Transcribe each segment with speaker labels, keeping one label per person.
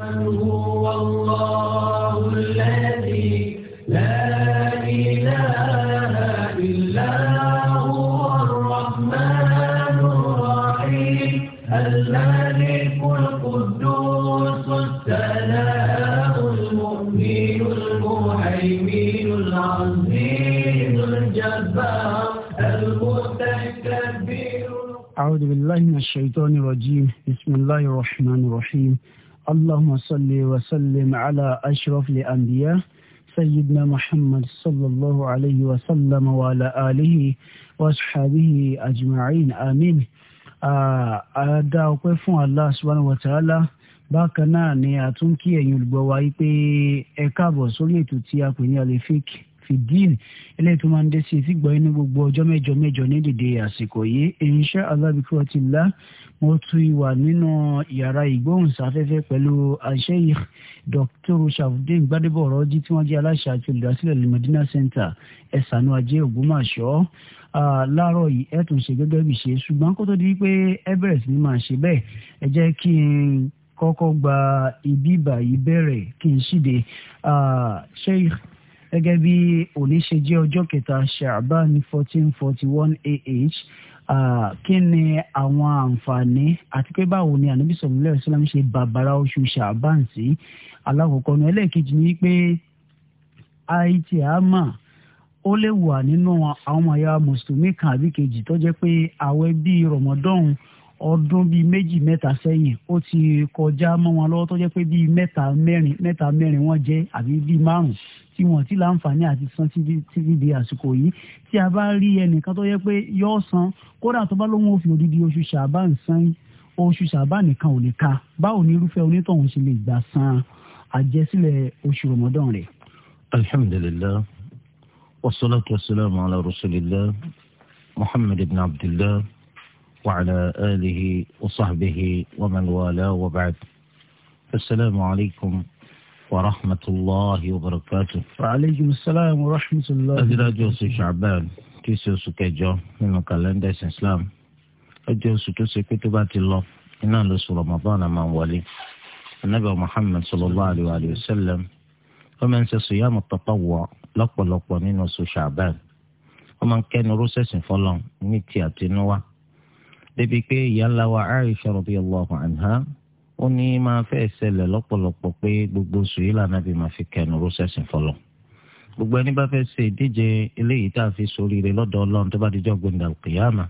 Speaker 1: من هو الله الذي لا
Speaker 2: إله إلا هو الرحمن الرحيم الملك القدوس
Speaker 3: السلام المؤمن المهيمن العزيز الجبار المتكبر أعوذ بالله من الشيطان الرجيم بسم الله الرحمن الرحيم اللهم صل وسلم على أشرف الأنبياء سيدنا محمد صلى الله عليه وسلم وعلى آله وأصحابه أجمعين آمين àdá ọpẹ́ fún Allah subhanahu wa ta'ala bákan náà ni àtúnkí ẹ̀yin olùgbọ́ wa yìí pé ẹ káàbọ̀ sórí ètò tí a pè ní alefik fìdíìn eléyìí tó máa ń dé sí etí gbọ́ inú gbogbo ọjọ́ mẹ́jọ mẹ́jọ ní dìde àsìkò yìí insha Allah bi quwwatillah mo tu ìwà nínú yàrá ìgbóhùnsáfẹ́fẹ́ pẹ̀lú Sheikh Dr. Shafudeen Gbadebo Ọ̀rọ̀jì tí wọ́n jẹ́ aláṣẹ àti olùdásílẹ̀ Medina Center ẹ̀sánú ajé Ògbómọ̀ṣọ́ láàárọ̀ yìí ẹ̀ tún ṣe gẹ́gẹ́ bí ṣe ṣùgbọ́n kó tó di pé ẹ bẹ̀rẹ̀ sí ni máa ṣe bẹ́ẹ̀ ẹ jẹ́ kí n kọ́kọ́ gba ibi ìbàyí bẹ̀rẹ̀ kí n ṣíde Sheikh gẹ́gẹ́ bí òní ṣe jẹ́ ọjọ́ kẹta ṣàbáni fourteen forty one ah kí ni àwọn àǹfààní àti pé báwo ni ànábì sallallahu alaihi wasallam ṣe bàbàrà oṣù ṣàbán sí alákọ̀ọ́kọ́ ní ẹlẹ́ẹ̀kejì ni pé àìtì àmà ó lè wà nínú àwọn àyà mùsùlùmí kan àbí kejì tó jẹ́ pé àwẹ̀ bíi rọ̀mọ́dọ́n ọdún bíi méjì mẹ́ta sẹ́yìn ó ti kọjá mọ́ wọn lọ́wọ́ tó jẹ́ pé bíi mẹ́ta mẹ́rin mẹ́ta mẹ́rin wọ́n jẹ́ àbí bíi márùn-ún tí wọn ti láǹfààní àti san títí di àsìkò yìí tí a bá rí ẹnìkan tó yẹ pé yóò san kódà tó bá lóun òfin odidi oṣù ṣàbá nǹsan oṣù ṣàbá nìkan ò lè ka báwo ni irúfẹ́ onítọ̀hún ṣe lè gbà san àjẹsílẹ̀ oṣù rọmọdán rẹ̀.
Speaker 4: alhamdulilayi wasalaatu wasalaamu ala rasulillah muhammad ibn abdullah wa ala alihi wa sahbihi wa man wa ba'd. asalaamu alaykum warahmatulahi wabarakatu. aleykum salaam wa rahmatulah. dájúdájú oṣù ṣàbẹ́ẹ̀n kì í ṣe oṣù kẹjọ nínú kàlẹ́ndà ẹ̀sìn islam ọjọ́ oṣù tó ṣe pé tó bá ti lọ iná ló sọ rọmọbọ́n máa ń wọlé anabi muhammed sallallahu alayhi wa sallam ó máa ń ṣe sùyàmù tatawwu lọ́pọ̀lọpọ̀ nínú oṣù ṣàbẹ́ẹ̀n ó máa ń kẹ́nu rọ́ṣẹ̀sìn fọlọ́n ní ti àtinúwá débi pé ìyá ńlá wa aisha radiyallahu anha ó ní máa fẹ́ ṣẹlẹ̀ lọ́pọ̀lọpọ̀ pé gbogbo oṣù yìí lànà bí máa fi kẹnu rọ́ṣẹ̀sìn fọlọ́ gbogbo ẹni bá fẹ́ ṣe ìdíje eléyìí tá a fi soríire lọ́dọ̀ ọlọ́run tó bá dijọ́ gbẹ̀ndà kìyàmà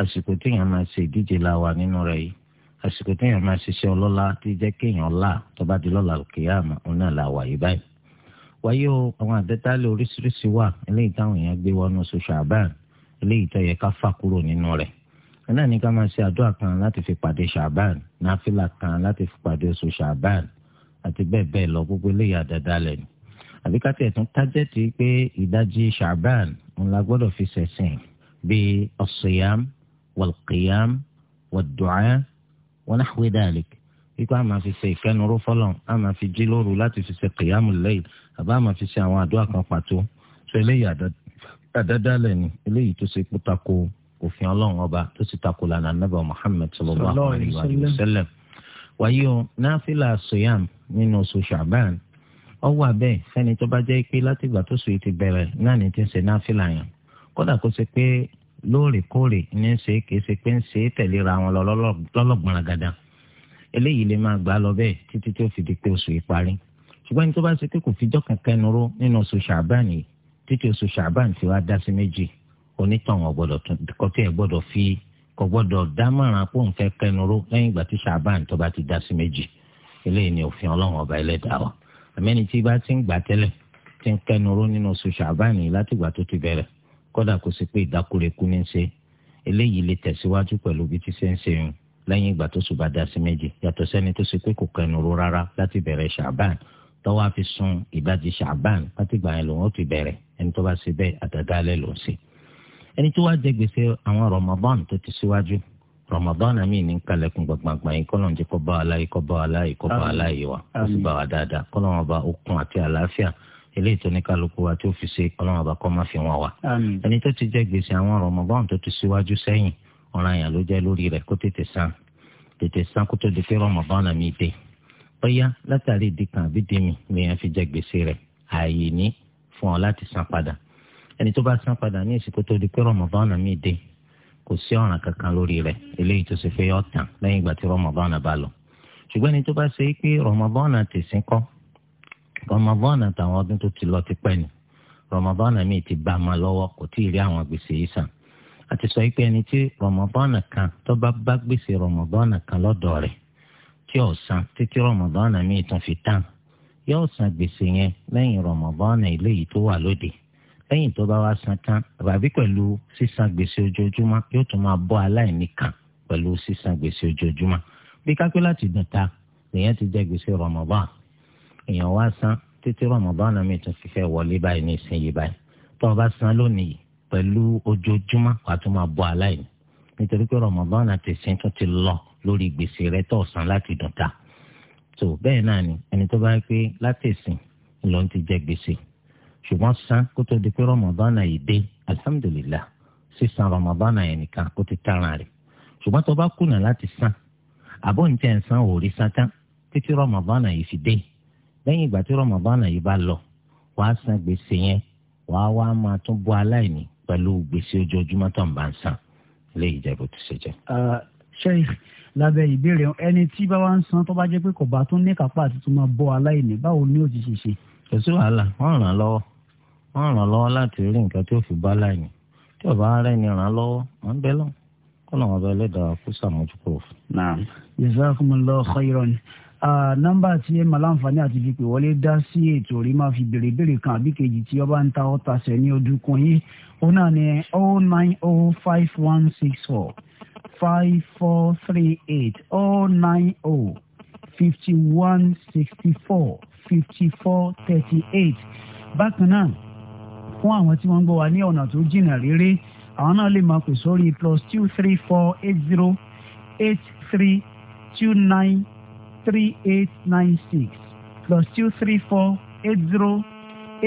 Speaker 4: àsìkò téèyàn máa ṣe ìdíje la wà nínú rẹ̀ yìí àsìkò téèyàn máa ṣiṣẹ́ ọlọ́lá tí jẹ́ kéèyàn là tó bá di lọ́la kìyàmà òun náà la wà yìí báyìí. wáyé o àwọn àdẹ́tálẹ̀ oríṣiríṣi wà eléyìí táwọn èèyàn gbé wọnú oṣù ṣàbán eléyìí tó yẹ ká fà kúrò nínú rẹ̀ náà ní ká máa ṣe àdúrà kan láti fi pàdé ṣàbán náfìlà kan láti fi pàdé oṣù ṣàbán àti bẹ́ẹ̀ bẹ́ẹ̀ lọ gbogbo eléyìí àdáda lẹ̀ ni àbí ká tiẹ̀ tún tájẹ́tì pé ìdajì ṣàbán ń la gbọ́dọ̀ fi ṣẹ̀sìn bíi as-siyam wal-qiyam wad-du'a wa nahwi dhalik ikú àmà fi ṣe ìkẹnuró fọlọ́n àmà fi jí lóru láti fi ṣe qiyamul layl àbá àmà fi ṣe àwọn àdúrà kan ṣe eléyìí àdáda lẹ̀ ni eléyìí tó ṣe pútàkó òfin ọlọ́run ọba tó ti takò lànà nàbà muhammed sallallahu alayhi wa sallam wàyí o náfìlà sọyàm nínú oṣù ṣàbàn ọwọ́ abẹ́ sẹ́ni tó bá jẹ́ pé látìgbà tó sùn ti bẹ̀rẹ̀ náà ní ti ń ṣe náfìlà yẹn kódà kó ṣe pé lóòrèkóòrè ní ṣe kìí ṣe pé ń ṣe tẹ̀léra wọn lọ́lọ́gbọ̀n gàdá eléyìí lè máa gbà lọ bẹ́ẹ̀ títí tó fi di pé oṣù yìí parí ṣùgbọ́n ní tó bá ṣe pé kò fi jọ́ kankan nuró nínú oṣù ṣàbàn yìí títí oṣù ṣàbàn ti wá dá sí méjì onítàn ọ̀gbọ́dọ̀ kọ́tí ẹ̀ gbọ́dọ̀ fi kò gbọ́dọ̀ dámọ̀ràn pò ń fẹ́ kẹnuró lẹ́yìn ìgbà tí sàbáàn tó bá ti dá sí méjì eléyìí ni òfin ọlọ́run ọba ẹlẹ́dàá wa àmẹ́ni tí bá ti ń gbà tẹ́lẹ̀ ti ń kẹnuró nínú oṣù sàbáàn yìí látìgbà tó ti bẹ̀rẹ̀ kódà kó sì pé ìdákúrekú ní í ṣe eléyìí lè tẹ̀síwájú pẹ̀lú bí ti ṣe ń ṣe yun lẹ́yìn ìgbà tó ṣùgbà dá sí méjì yàtọ̀ sẹ́ni tó ṣe pé kò kẹnuró rárá láti bẹ̀rẹ̀ sàbáàn tọ́wọ́ á sun ìdajì sàbáàn látìgbà yẹn lòun ó ti bẹ̀rẹ̀ ẹni tó bá ṣe bẹ́ẹ̀ àtàdálẹ̀ lòun ṣe ẹni tó wá jẹ gbèsè àwọn Ramadan tó ti síwájú Ramadan àmì ní kalẹ̀kùn gbàngbàngbà yìí kọ́lọ́n ti kọ́ bá wa láyé kọ́ bá wa láyé kọ́ bá wa láyé wa ó sì bá wa dáadáa kọ́lọ́n wa bá okun àti àlàáfíà eléyìí tó ní kálukú wa tí ó fi ṣe ọlọ́run ọba kọ́ máa fi wọn wá. ẹni tó ti jẹ́ gbèsè àwọn Ramadan tó ti síwájú sẹ́yìn ọ̀ràn àyàn ló jẹ́ lórí rẹ̀ kó tètè san tètè san kó tó di pé Ramadan mi dé. bóyá látàrí ìdí kan àbí dèmi ni a fi jẹ gbèsè rẹ̀ ààyè ní fún ọ láti san padà ẹni tó bá san padà ní ìsìnkú tó di pé rọmọbọnà mi dé kò sí ọ̀ràn kankan lórí rẹ̀ eléyìí tó ṣe fẹ́ yọ tán lẹ́yìn ìgbà tí rọmọbọnà bá lọ ṣùgbọ́n ẹni tó bá ṣe pé rọmọbọnà tẹ̀sìn kọ́ rọmọbọnà tàwọn ọdún tó ti lọ ti pẹ́ ni rọmọbọnà mi ti bá ma lọ́wọ́ kò tí ì rí àwọn gbèsè yìí sàn a ti sọ pé ẹni tí rọmọbọnà kan tó bá bá gbèsè rọmọbọnà kan lọ́dọ̀ rẹ̀ tí ò san títí rọmọbọnà mi tún fi tán yóò san gbèsè yẹn lẹ́yìn rọmọbọnà eléyìí tó wà lóde lẹ́yìn tó bá wá san tán àbí pẹ̀lú sísan gbèsè ojoojúmọ́ yóò tún máa bọ́ aláìní kan pẹ̀lú sísan gbèsè ojoojúmọ́ bí kápẹ́ láti dùn ta èèyàn ti jẹ gbèsè Ramadan èèyàn wá san títí Ramadan náà mi tún fi fẹ́ wọlé báyìí ní ìsinyìí báyìí tó o bá san lónìí pẹ̀lú ojoojúmọ́ wàá tún máa bọ́ aláìní nítorí pé Ramadan náà ti sin tún ti lọ lórí gbèsè rẹ tó san láti dùn ta tó bẹ́ẹ̀ náà ni ẹni tó bá pé látẹ̀sìn ló ti jẹ gbèsè ṣùgbọ́n san kó tó di pé Ramadan náà yìí dé alhamdulillah sísan Ramadan náà yẹn nìkan kó ti tààràn rẹ̀ ṣùgbọ́n tó bá kùnà láti san àbọ̀ ní tẹ̀ ń san òòrí sátán títí Ramadan náà yìí fi dé lẹ́yìn ìgbà tí Ramadan náà yìí bá lọ wàá san gbèsè yẹn wàá wá máa tún bọ́ aláìní pẹ̀lú gbèsè ojoojúmọ́ tó ń bá ń san lè jẹ́ bó ti ṣe jẹ́.
Speaker 3: sheikh lábẹ́ ìbéèrè ẹni tí bá wá ń san tó bá jẹ́ pé kò bá tún ní kápá
Speaker 4: àti tó máa bọ́ aláìní kò sí wàhálà wọ́n ràn án lọ́wọ́ wọ́n ràn án lọ́wọ́ láti rí nǹkan tó fi bá láàyè tí ọba ara ẹni ràn án lọ́wọ́ wọ́n bẹ́ lọ kó làwọn ọba ẹlẹ́dàá kó sàmójúkọ fún. naam
Speaker 3: jazakumullahu khairan nọ́mbà tí ẹ máa láǹfààní àti fi pè wọlé dá sí ètò rí máa fi béèrè béèrè kan àbí kejì tí ọba ń ta ọta sẹ ní ojúkun yìí òun náà ni oh nine o oh five one six four five four three eight o oh nine o oh fifty one sixty four fifty four thirty eight bákan náà fún àwọn tí wọ́n ń gbọ́ wa ní ọ̀nà tó jìnnà réré àwọn náà lè máa pè sórí plus two three four eight zero eight three two nine three eight nine six plus two three four eight zero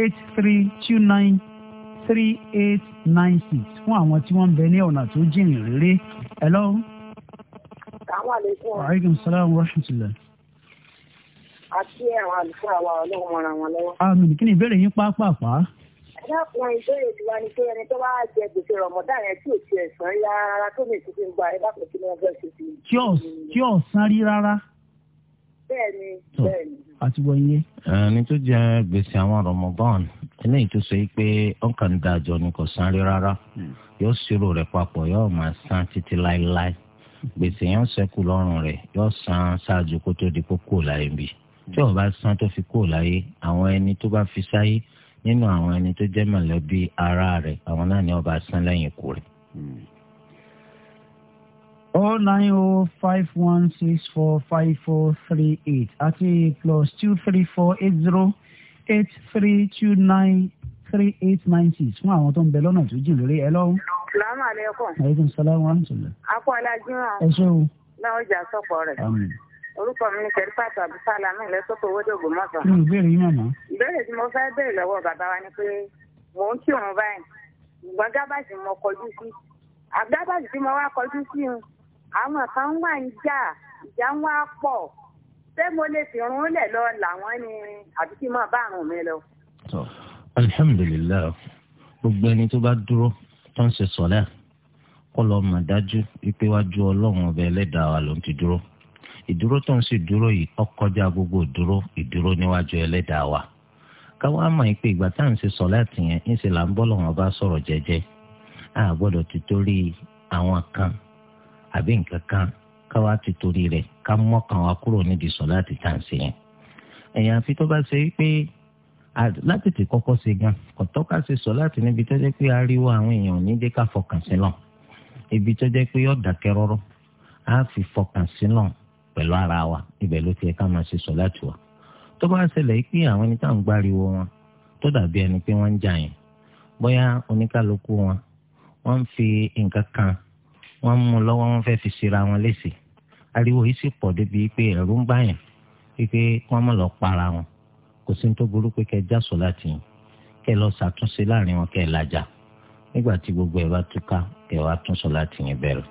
Speaker 3: eight three two nine three eight nine six fún àwọn tí wọ́n ń bẹ ní ọ̀nà tó jìnnà réré. hello.
Speaker 1: salaamaleykum. wa
Speaker 3: aleykum salaam wa rahmatulah
Speaker 1: àti àwọn àlùfáà wa ọlọ́run mọ́ra wọn lọ́wọ́.
Speaker 3: àmì kí ni ìbéèrè yín pápápá.
Speaker 1: ẹ dákun ìbéèrè tiwa ni pé ẹni tó bá jẹ gbèsè rọmọdá yẹn tí ò ti ẹ̀sán rí rárá tó ní ìtúsí gba ẹ dákun kí ni wọn fẹ́ ṣe sí i.
Speaker 3: tí ò sán rí rárá.
Speaker 1: bẹ́ẹ̀ni
Speaker 4: bẹ́ẹ̀ni. àti wọ iye. ẹni tó jẹ gbèsè àwọn rọmọbọ́n eléyìí tó sọ pé ọkàn ń dájọ ni kò sán rí rárá yóò ṣírò rẹ̀ papọ̀ yóò máa san títí láéláé gbèsè yẹn ń ṣẹ́kù lọ́rùn rẹ̀ yóò san ṣáájú kó tó di kókó láyé bíi tí wọn bá san tó fi kúrò láyé àwọn ẹni tó bá fi sáyé nínú àwọn ẹni tó jẹ́ mọ̀lẹ́bí ara rẹ̀ àwọn náà ni wọn bá san lẹ́yìn ikú rẹ̀.
Speaker 3: O oh, nine O oh five one six four five four three eight àti plus two three four eight zero eight three two nine three eight nine six fún àwọn tó ń bẹ lọ́nà tó jìn lórí ẹ lọ́wọ́.
Speaker 1: salaamaleykum. aleykum
Speaker 3: salaam wa rahmatulah.
Speaker 1: akọ alájú náà. ẹ ṣé náà ó jà sọ̀pọ̀ rẹ̀ orúkọ mi ni kẹrìfàtà abisala mi lẹsọpọ owó dògbò mọsán. yóò béèrè yín màmá. ìbéèrè tí mo fẹ́ béèrè lọ́wọ́ bàbá wa ni pé mò ń
Speaker 2: kírun báyìí ṣùgbọ́n gábàjì mo kọjú sí àgábàjì tí mo wá kọjú sí un àwọn kan wà ń jà ìjà ń wá pọ̀ ṣé mo lè fi irun lẹ̀ lọ làwọn ni àbí kí n máa bá àrùn mi lọ.
Speaker 4: alhamdulilayi gbogbo ẹni tó bá dúró tó ń ṣe sọlẹ kó lọ mọ̀ dájú wípé wájú Ọlọ́run ọbẹ Ẹlẹ́dàá wa ló ń ti dúró ìdúró tó ń sì dúró yìí ó kọjá gbogbo ìdúró ìdúró níwájú ẹlẹ́dàá wa káwá mọ̀ pé ìgbà tá à ń ṣe sọ̀láàtì yẹn ń ṣe là ń bọ́ lọ́wọ́n bá sọ̀rọ̀ jẹ́jẹ́ a gbọ́dọ̀ ti torí àwọn kan àbí nǹkan kan káwá ti torí rẹ̀ ká mọ́kàn wa kúrò nídìí sọ̀láàtì tá à ń ṣe yẹn ẹ̀yàn àfi tó bá ṣe pé láti tè kọ́kọ́ ṣe gan kò tọ́ka ṣe sọ̀láàtì níbi tó jẹ́ pé ariwo àwọn èèyàn ní ká fọkàn sí lọ ibi tó jẹ́ pé yọ̀ọ́ dákẹ́ rọ́rọ́ á fi fọkàn sí lọ́n pẹ̀lú ara wa ibẹ̀ ló ti yẹ ká máa ṣe sọ láti wà tó bá ṣẹlẹ̀ pé àwọn ẹni tá à ń gbáriwo wọn tó dàbí ẹni pé wọ́n ń jà yẹn bóyá oníkálukú wọn wọ́n ń fi nǹkan kan wọ́n mú lọ́wọ́ wọ́n fẹ́ fi ṣera wọn léṣe ariwo yìí sì pọ̀ débi pé ẹ̀rù ń bá yẹn pé wọ́n mọ̀ lọ para wọn kò sí ní tó burú pé kẹ́ já sọ láti yìn kẹ́ lọ ṣàtúnṣe láàrin wọn kẹ́ làjà nígbà tí gbogbo ẹ̀ bá túká kẹ́ wàá tún láti yìn bẹ̀rẹ̀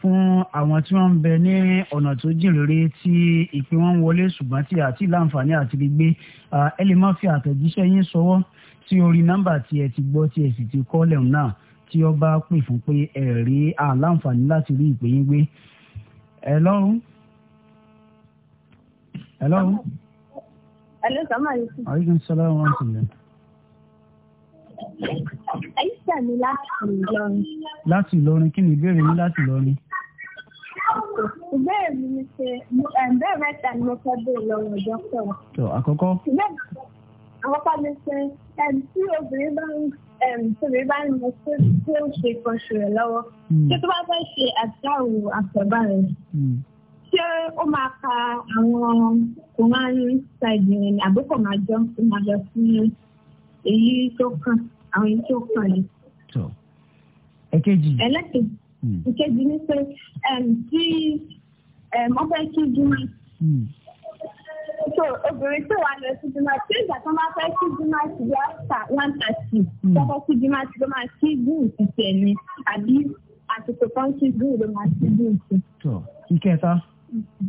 Speaker 3: fún àwọn tí wọ́n ń bẹ ní ọ̀nà tó jìn rere tí ìpè wọn ń wọlé ṣùgbọ́n tí àti láǹfààní àti rí gbé ẹ lè má fi àtẹ̀jíṣẹ́ yín sọwọ́ tí orí nọ́mbà tí ti gbọ́ tí ẹ sì ti kọ́ lẹ́hùn náà tí ó bá pè fún pé ẹ rí àláǹfààní láti rí ìpè yín gbé. ẹ lọ́rùn. ẹ lọ́rùn.
Speaker 2: ẹ lọ́sàn-án máa yẹ sí. àyíkú
Speaker 3: sọlá wọn ti lẹ.
Speaker 2: Aisha ni láti Ìlọrin.
Speaker 3: Láti Ìlọrin kí ni
Speaker 2: ìbéèrè yín láti Ìlọrin? Ìbéèrè mi ni pé ìbéèrè mẹ́ta ni mo fẹ́ béèrè lọ́wọ́ ọjọ́ pẹ̀lú. Tó àkọ́kọ́. Àkọ́kọ́ ni pé tí obìnrin bá ń tóbi bá ń lọ sí tí ó ń ṣe ìkọ̀ṣù rẹ̀ lọ́wọ́. Ṣé hmm. tó bá fẹ́ ṣe àtàrò àtẹ̀bá rẹ̀? Hmm. Ṣé ó máa ka àwọn kò máa ń ṣàìdìrín àbúkọ̀ máa jọ́ sí máa lọ sí èyí tó kàn àwọn èyí tó kàn yìí. ẹ̀kejì. ẹlẹ́kejì ìkejì hmm. ni pé tí wọ́n fẹ́ kí jùmọ̀ hmm. so obìnrin tó wà lọ sí jùmọ̀ tí ìgbà tó máa fẹ́ kí jùmọ̀ sí bí áfà one thirty hmm. tọ́kọ́ kí jùmọ̀ sí ló máa kí gùn ìtìtẹ̀ ni àbí àsìkò kan kí gùn ló máa kí gùn sí.
Speaker 3: ìkẹta mm-hmm.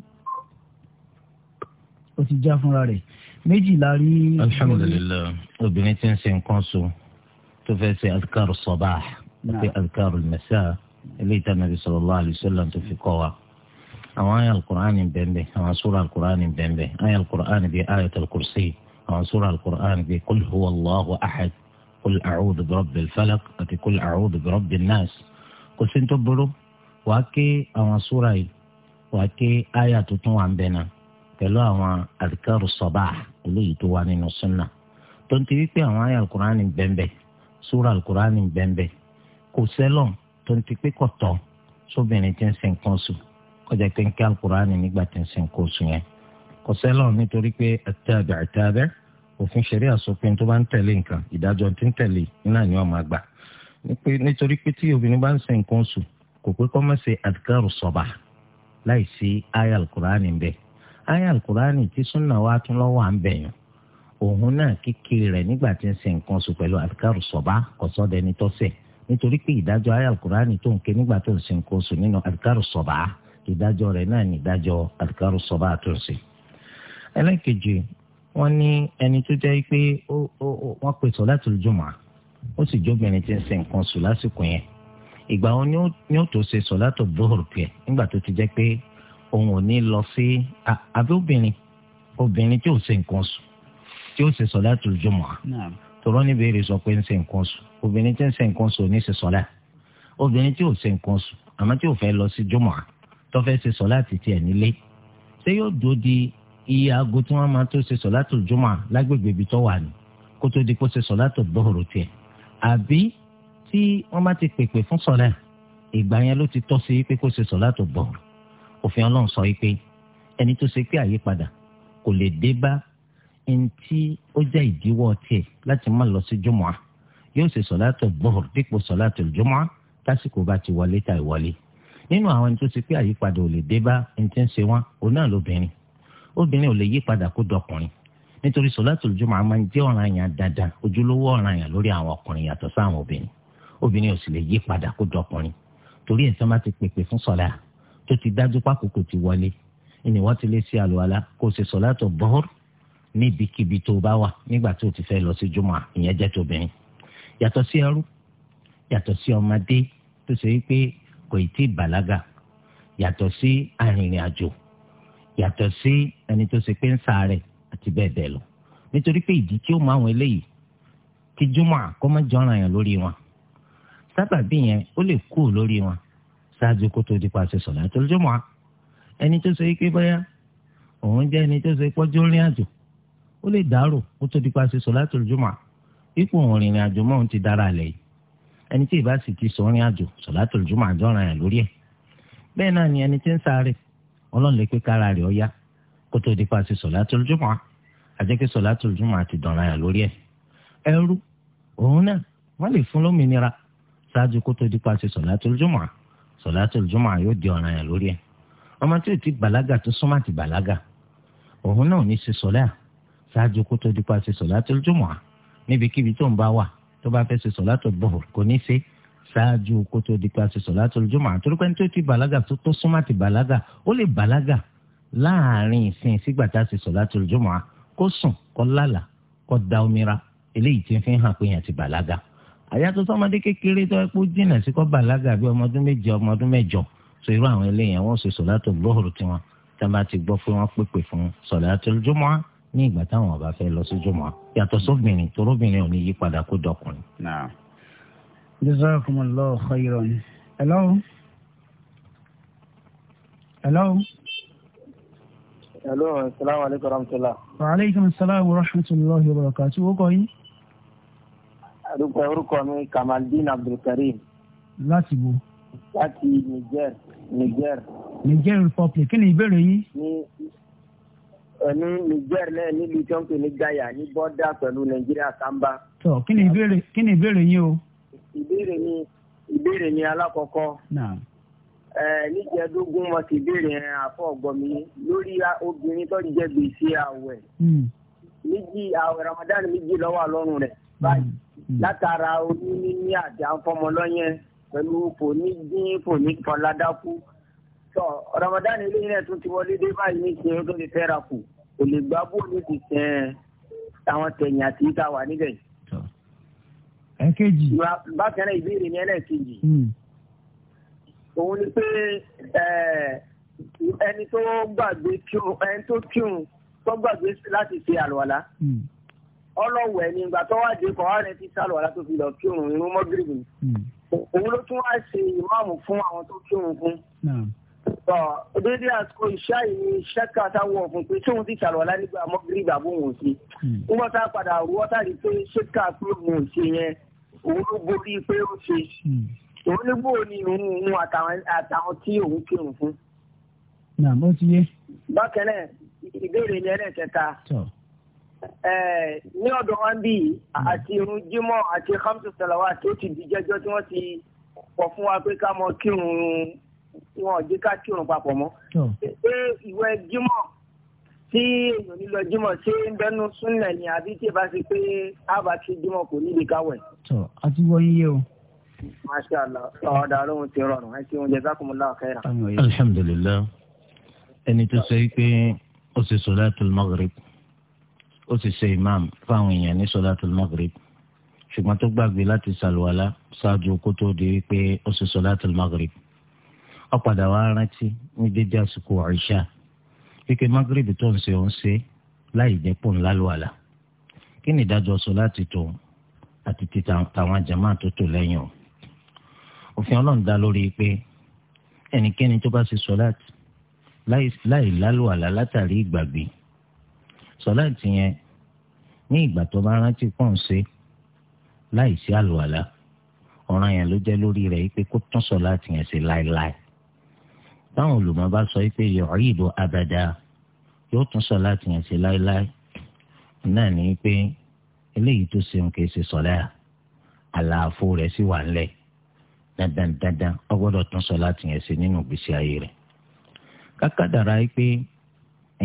Speaker 3: ó ti já fúnra rẹ̀ méjì la rí. alhamdulilayi
Speaker 4: obìnrin tí ń ṣe nǹkan so tó fẹ́ ṣe adikaru sọ́bà àti adikaru mẹ́sà eléyìí tá nàbí sallallahu alaihi wasallam tó fi kọ́ wa. àwọn ayé alukur'ani bẹ́ẹ̀nbẹ́ àwọn sura alukur'ani bẹ́ẹ̀nbẹ́ ayé alukur'ani bíi ayatul kursi àwọn sura alukur'ani bíi kul huwa allahu ahad kul a'udhu bi rabbil falaq àti kul a'udhu bi rabbin nas kò sí ní tó burú wàá ké àwọn sura yìí wàá ké ayé àtúntún wà ń bẹ náà pẹ̀lú àwọn àdìkárù sọ̀bà eléyìí tó wà nínú súnà tó ń ti wípé àwọn ayé alukurani bẹ́ẹ̀nbẹ́ súra alukurani bẹ́ẹ̀nbẹ́ kò sẹ́lọ̀n tó ń ti pé kọ̀tọ́ sóbìnrin tí ń sin nǹkan sùn kọjá pé ń kí alukurani nígbà tí ń sin nǹkan sùn yẹn kò sẹ́lọ̀n nítorí pé àtàbẹ̀ àtàbẹ̀ òfin ṣẹ̀rí àsopin tó bá ń tẹ̀lé nǹkan ìdájọ́ tí ń tẹ̀lé náà ni wọ́n máa gbà nítorí pé tí obìnrin bá ń sin nǹkan sùn kò pé kọ́ mọ́ ṣe àdìkárù sọ̀bà láì ayé alukurani bẹ́ẹ̀ aya alukurani tí súnà wa tún lọ́wọ́ à ń bẹ̀yàn náà kékeré rẹ̀ nígbà tí ń ṣe nǹkan oṣù pẹ̀lú àtikárù sọ̀bá kọ̀sọ́dẹni tọ́sẹ̀ nítorí pé ìdájọ́ aya alukurani tó ń ké nígbà tó ń nǹkan nínú àtikárù sọ̀bá ìdájọ́ rẹ náà ní ìdájọ́ sọ̀bá tó ń ẹlẹ́kejì wọ́n ní ẹni tó jẹ́ pé wọ́n pè ó sì òun ò ní lọ sí àbí obìnrin obìnrin tí ò ṣe nǹkan sùn tí ó ṣe sọlá tó jùmọ̀ à tọrọ ní béèrè sọ pé ń ṣe nǹkan sùn obìnrin tí ń ṣe nǹkan sùn ò ní ṣe sọlá obìnrin tí ò ṣe nǹkan sùn àmọ́ tí ò fẹ́ lọ sí jùmọ̀ à tó fẹ́ ṣe sọlá ti tiẹ̀ nílé ṣé yóò dúró di iye aago tí wọ́n máa tó ṣe sọlá tó jùmọ̀ à lágbègbè ibi tó wà ní kó tó di kó ṣe sọlá tó dọ́hùrù tiẹ̀ àbí tí wọ́n bá ti pèpè fún sọlá ìgbà yẹn ló ti tọ́ sí pé kó ṣe sọlá tó dọ́hùrù òfin ọlọ́run sọ pé ẹni tó ṣe pé àyípadà kò lè dé bá ẹni tí ó jẹ́ ìdíwọ́ tiẹ̀ láti má lọ sí jùmọ̀á yóò ṣe sọ̀látò bọ́ọ̀r dípò sọ̀látò jùmọ̀á tásìkò bá ti wọlé ta ìwọlé nínú àwọn ẹni tó ṣe pé àyípadà ò lè dé bá ẹni tí ń ṣe wọn òun náà lóbìnrin obìnrin ò lè yí padà kó dọkùnrin nítorí sọ̀látò jùmọ̀á máa ń jẹ́ ọ̀ràn yẹn dandan ojúlówó ọ̀ràn yẹn lórí àwọn ọkùnrin yàtọ̀ sáwọn obìnrin obìnrin ò sì lè yí padà kó dọkùnrin torí ẹ̀sán bá ti pèpè fún sọ̀lá tó ti dájú pákòkò ti wọlé ni wọ́n ti lè ṣe àlùwàlá kó o ṣe sọ̀látù bọ́ọ̀r níbikíbi tó bá wà nígbà tó o ti fẹ́ lọ sí jùmọ̀ ìyẹn jẹ́ tóbìnrin yàtọ̀ sí ẹrú yàtọ̀ sí ọmọdé tó ṣe wípé kò ì tí ì bàlágà yàtọ̀ sí arìnrìn àjò yàtọ̀ sí ẹni tó ṣe pé ń ṣàárẹ̀ àti bẹ́ẹ̀ bẹ́ẹ̀ lọ nítorí pé ìdí tí ó mú àwọn eléyìí kí jùmọ̀ kó yẹn lórí wọn sábàbí yẹn ó lè kú lórí wọn ṣáájú kó tó di paṣẹ sọ̀látul jumu'ah ẹni tó ṣe é pé báyà òun jẹ́ ẹni tó ṣe pọ́jú rìn àjò ó lè dárò kó tó di paṣẹ sọ̀látul jumu'ah ipò òun rìnrìn àjò mọ́ òun ti dára lẹ̀ yìí ẹni tí ìbá sì ti sọ̀rìn àjò sọ̀látul jumu'ah àjọràn ẹ̀ lórí ẹ̀ bẹ́ẹ̀ náà ni ẹni tí ń sáré ọlọ́run lè pé kára rẹ̀ ọ̀yá kó tó di paṣẹ sọ̀látul jumu'ah àjẹkẹ́ sọ̀látul jumu'ah sọ̀látò jùmọ̀ yóò di ọ̀ràn yẹn lórí ẹ̀ ọmọ tí ò ti bàlágà tó súnmọ́ àti bàlágà òun náà ní ṣe sọ̀lá ṣáájú kó tó dípa ṣe sọ̀látò jùmọ̀ níbikíbi tó ń bá wà tó bá fẹ́ ṣe sọ̀látò bọ̀hùr kò ní ṣe ṣáájú kó tó dípa ṣe sọ̀látò jùmọ̀ torí pé ní tó ti bàlágà tó tó súnmọ́ àti bàlágà ó lè bàlágà láàrin ìsìn sígbà tá a ṣe sọ̀látò jùmọ̀ kó sùn kó lálàá kó da omira eléyìí ti fi hàn pé yẹn ti bàlágà àyàtọ̀ sọmọdé kékeré tó ẹ̀kọ́ jìnnà sí kọ́ bàlágà bí ọmọ ọdún méje ọmọ ọdún mẹ́jọ so irú àwọn eléyìí wọ́n ṣe sọ̀látò lóhùrù tiwọn tá a bá ti gbọ́ pé wọ́n pèpè fún sọ̀látò jùmọ̀ ní ìgbà táwọn ọba fẹ́ lọ sí jùmọ̀ yàtọ̀ sóbìnrin torobìnrin ò ní yí padà kó dọkùnrin.
Speaker 3: jazakumullahu khairan hello hello.
Speaker 4: hello
Speaker 1: asalaamualeykum wa rahmatulah.
Speaker 3: wa aleykum salaam wa rahmatulahi wa barakatuh. o kò yín
Speaker 1: orúkọ orúkọ mi kamaldeen abdulkareem. láti wo. láti niger niger.
Speaker 3: niger republic kí ni ìbéèrè yín.
Speaker 1: ní ẹni niger náà nílùú tí wọn pè ní gaya ní bọ́dà pẹ̀lú nàìjíríà kánbá.
Speaker 3: tọ kí ni ìbéèrè kí ni ìbéèrè yín o.
Speaker 1: ìbéèrè mi ìbéèrè mi alákọ̀ọ́kọ́. náà níjẹ̀dógún wọn ti béèrè ẹran àfọ ọgbọmi lórí obìnrin tó jẹ gbèsè àwẹ̀ hmm. méjì àwẹ̀ ramadan méjì ló wà lọ́rùn rẹ̀ báyìí hmm. Hmm. látara oníní ní àjà fọmọlọ́yẹn pẹ̀lú fòní dín fòní fọládákú tọ Ramadan eléyìí náà tún ti wọlé dé báyìí ní ìṣẹ́ tó lè fẹ́ra kù kò lè gbá bóòlù ti sẹ́n àwọn tẹ̀yìn àti ìta wà níbẹ̀. ẹ̀kejì. bákan náà ìbéèrè ní ẹlẹ́ẹ̀kejì. Hmm. òun ni pé ẹni tó gbàgbé kírun ẹni tó kírun tó gbàgbé láti ṣe àlùwàlá. Hmm ọlọ́wẹ̀ ni ìgbà tó wá dé kọ́ wá rẹ ti sálọ wàlá tó fi lọ kírun irun mọ́gìrìbì hmm. òun ló tún wá ṣe ìmáàmù fún àwọn tó kírun fún dédé àsìkò ìṣá yìí iṣẹ́ káta wọ̀ fún pé tóun ti ṣàlọ́lá nígbà mọ́gìrìbà bó wọ́n sí wọ́n hmm. bá sá padà rú ọ́tà rí pé ṣé ká pé wọ́n ṣe yẹn òun ló borí pé ó ṣe hmm. òun ní bò ní òun òun àtàwọn tí òun kírun fún. bákan náà ìbéèrè ni ẹlẹ́kẹta ní ọ̀dọ̀ wa ń bí àti irun jímọ̀ àti hamsu salawa tó ti di jẹ́jọ́ tí wọ́n ti pọ̀ fún wa pé ká mọ kírun wọn ò jẹ́ ká kírun papọ̀ mọ́. pé ìwẹ̀ jímọ̀ tí èèyàn nílò jímọ̀ ṣé ń bẹnu súnlẹ̀ ni àbí tí bá ti pé àbá tí jímọ̀ kò níbi káwẹ̀. tọ àti wọ iye o. masha allah ọ̀dà lóhun ti rọrùn ẹ ṣeun jazakumullahu khairan.
Speaker 4: alhamdulilayi ẹni tó sọ yìí pé ó ṣe solatul maghrib ó ti ṣe imam fáwọn èèyàn ní sọlátul maghrib ṣùgbọ́n tó gbàgbé láti ṣàlùwàlá ṣáájú kó tó di wípé ó ṣe sọlátul maghrib ó padà wá rántí ní dédé àsìkò ìṣà wípé maghrib tó ń ṣe òun ṣe láì jẹ́ pò ńlá lùwàlà kí ni ìdájọ́ sọláàtì tó àti tàwọn jàmáà tó tò lẹ́yìn o òfin ọlọ́run dá lórí pé ẹnikẹ́ni tó bá ṣe sọláàtì láì lálùwàlà látàrí ìgbàgbé sọláàtì yẹn ní ìgbà tó bá rántí pọ̀ ń ṣe láì sí àlùwàlà ọ̀ràn yẹn ló jẹ́ lórí rẹ̀ pé kó tún sọláàtì yẹn ṣe láéláé táwọn olùmọ̀ bá sọ pé yọ̀ọ́yìdò abàdá yóò tún sọláàtì yẹn ṣe láéláé náà ní pé eléyìí tó ṣeun kì ṣe sọláà àlàáfó rẹ̀ sì wà ńlẹ̀ dandan dandan ó gbọ́dọ̀ tún sọláàtì yẹn ṣe nínú ìgbésí ayé rẹ̀ kákàdàrà yìí pé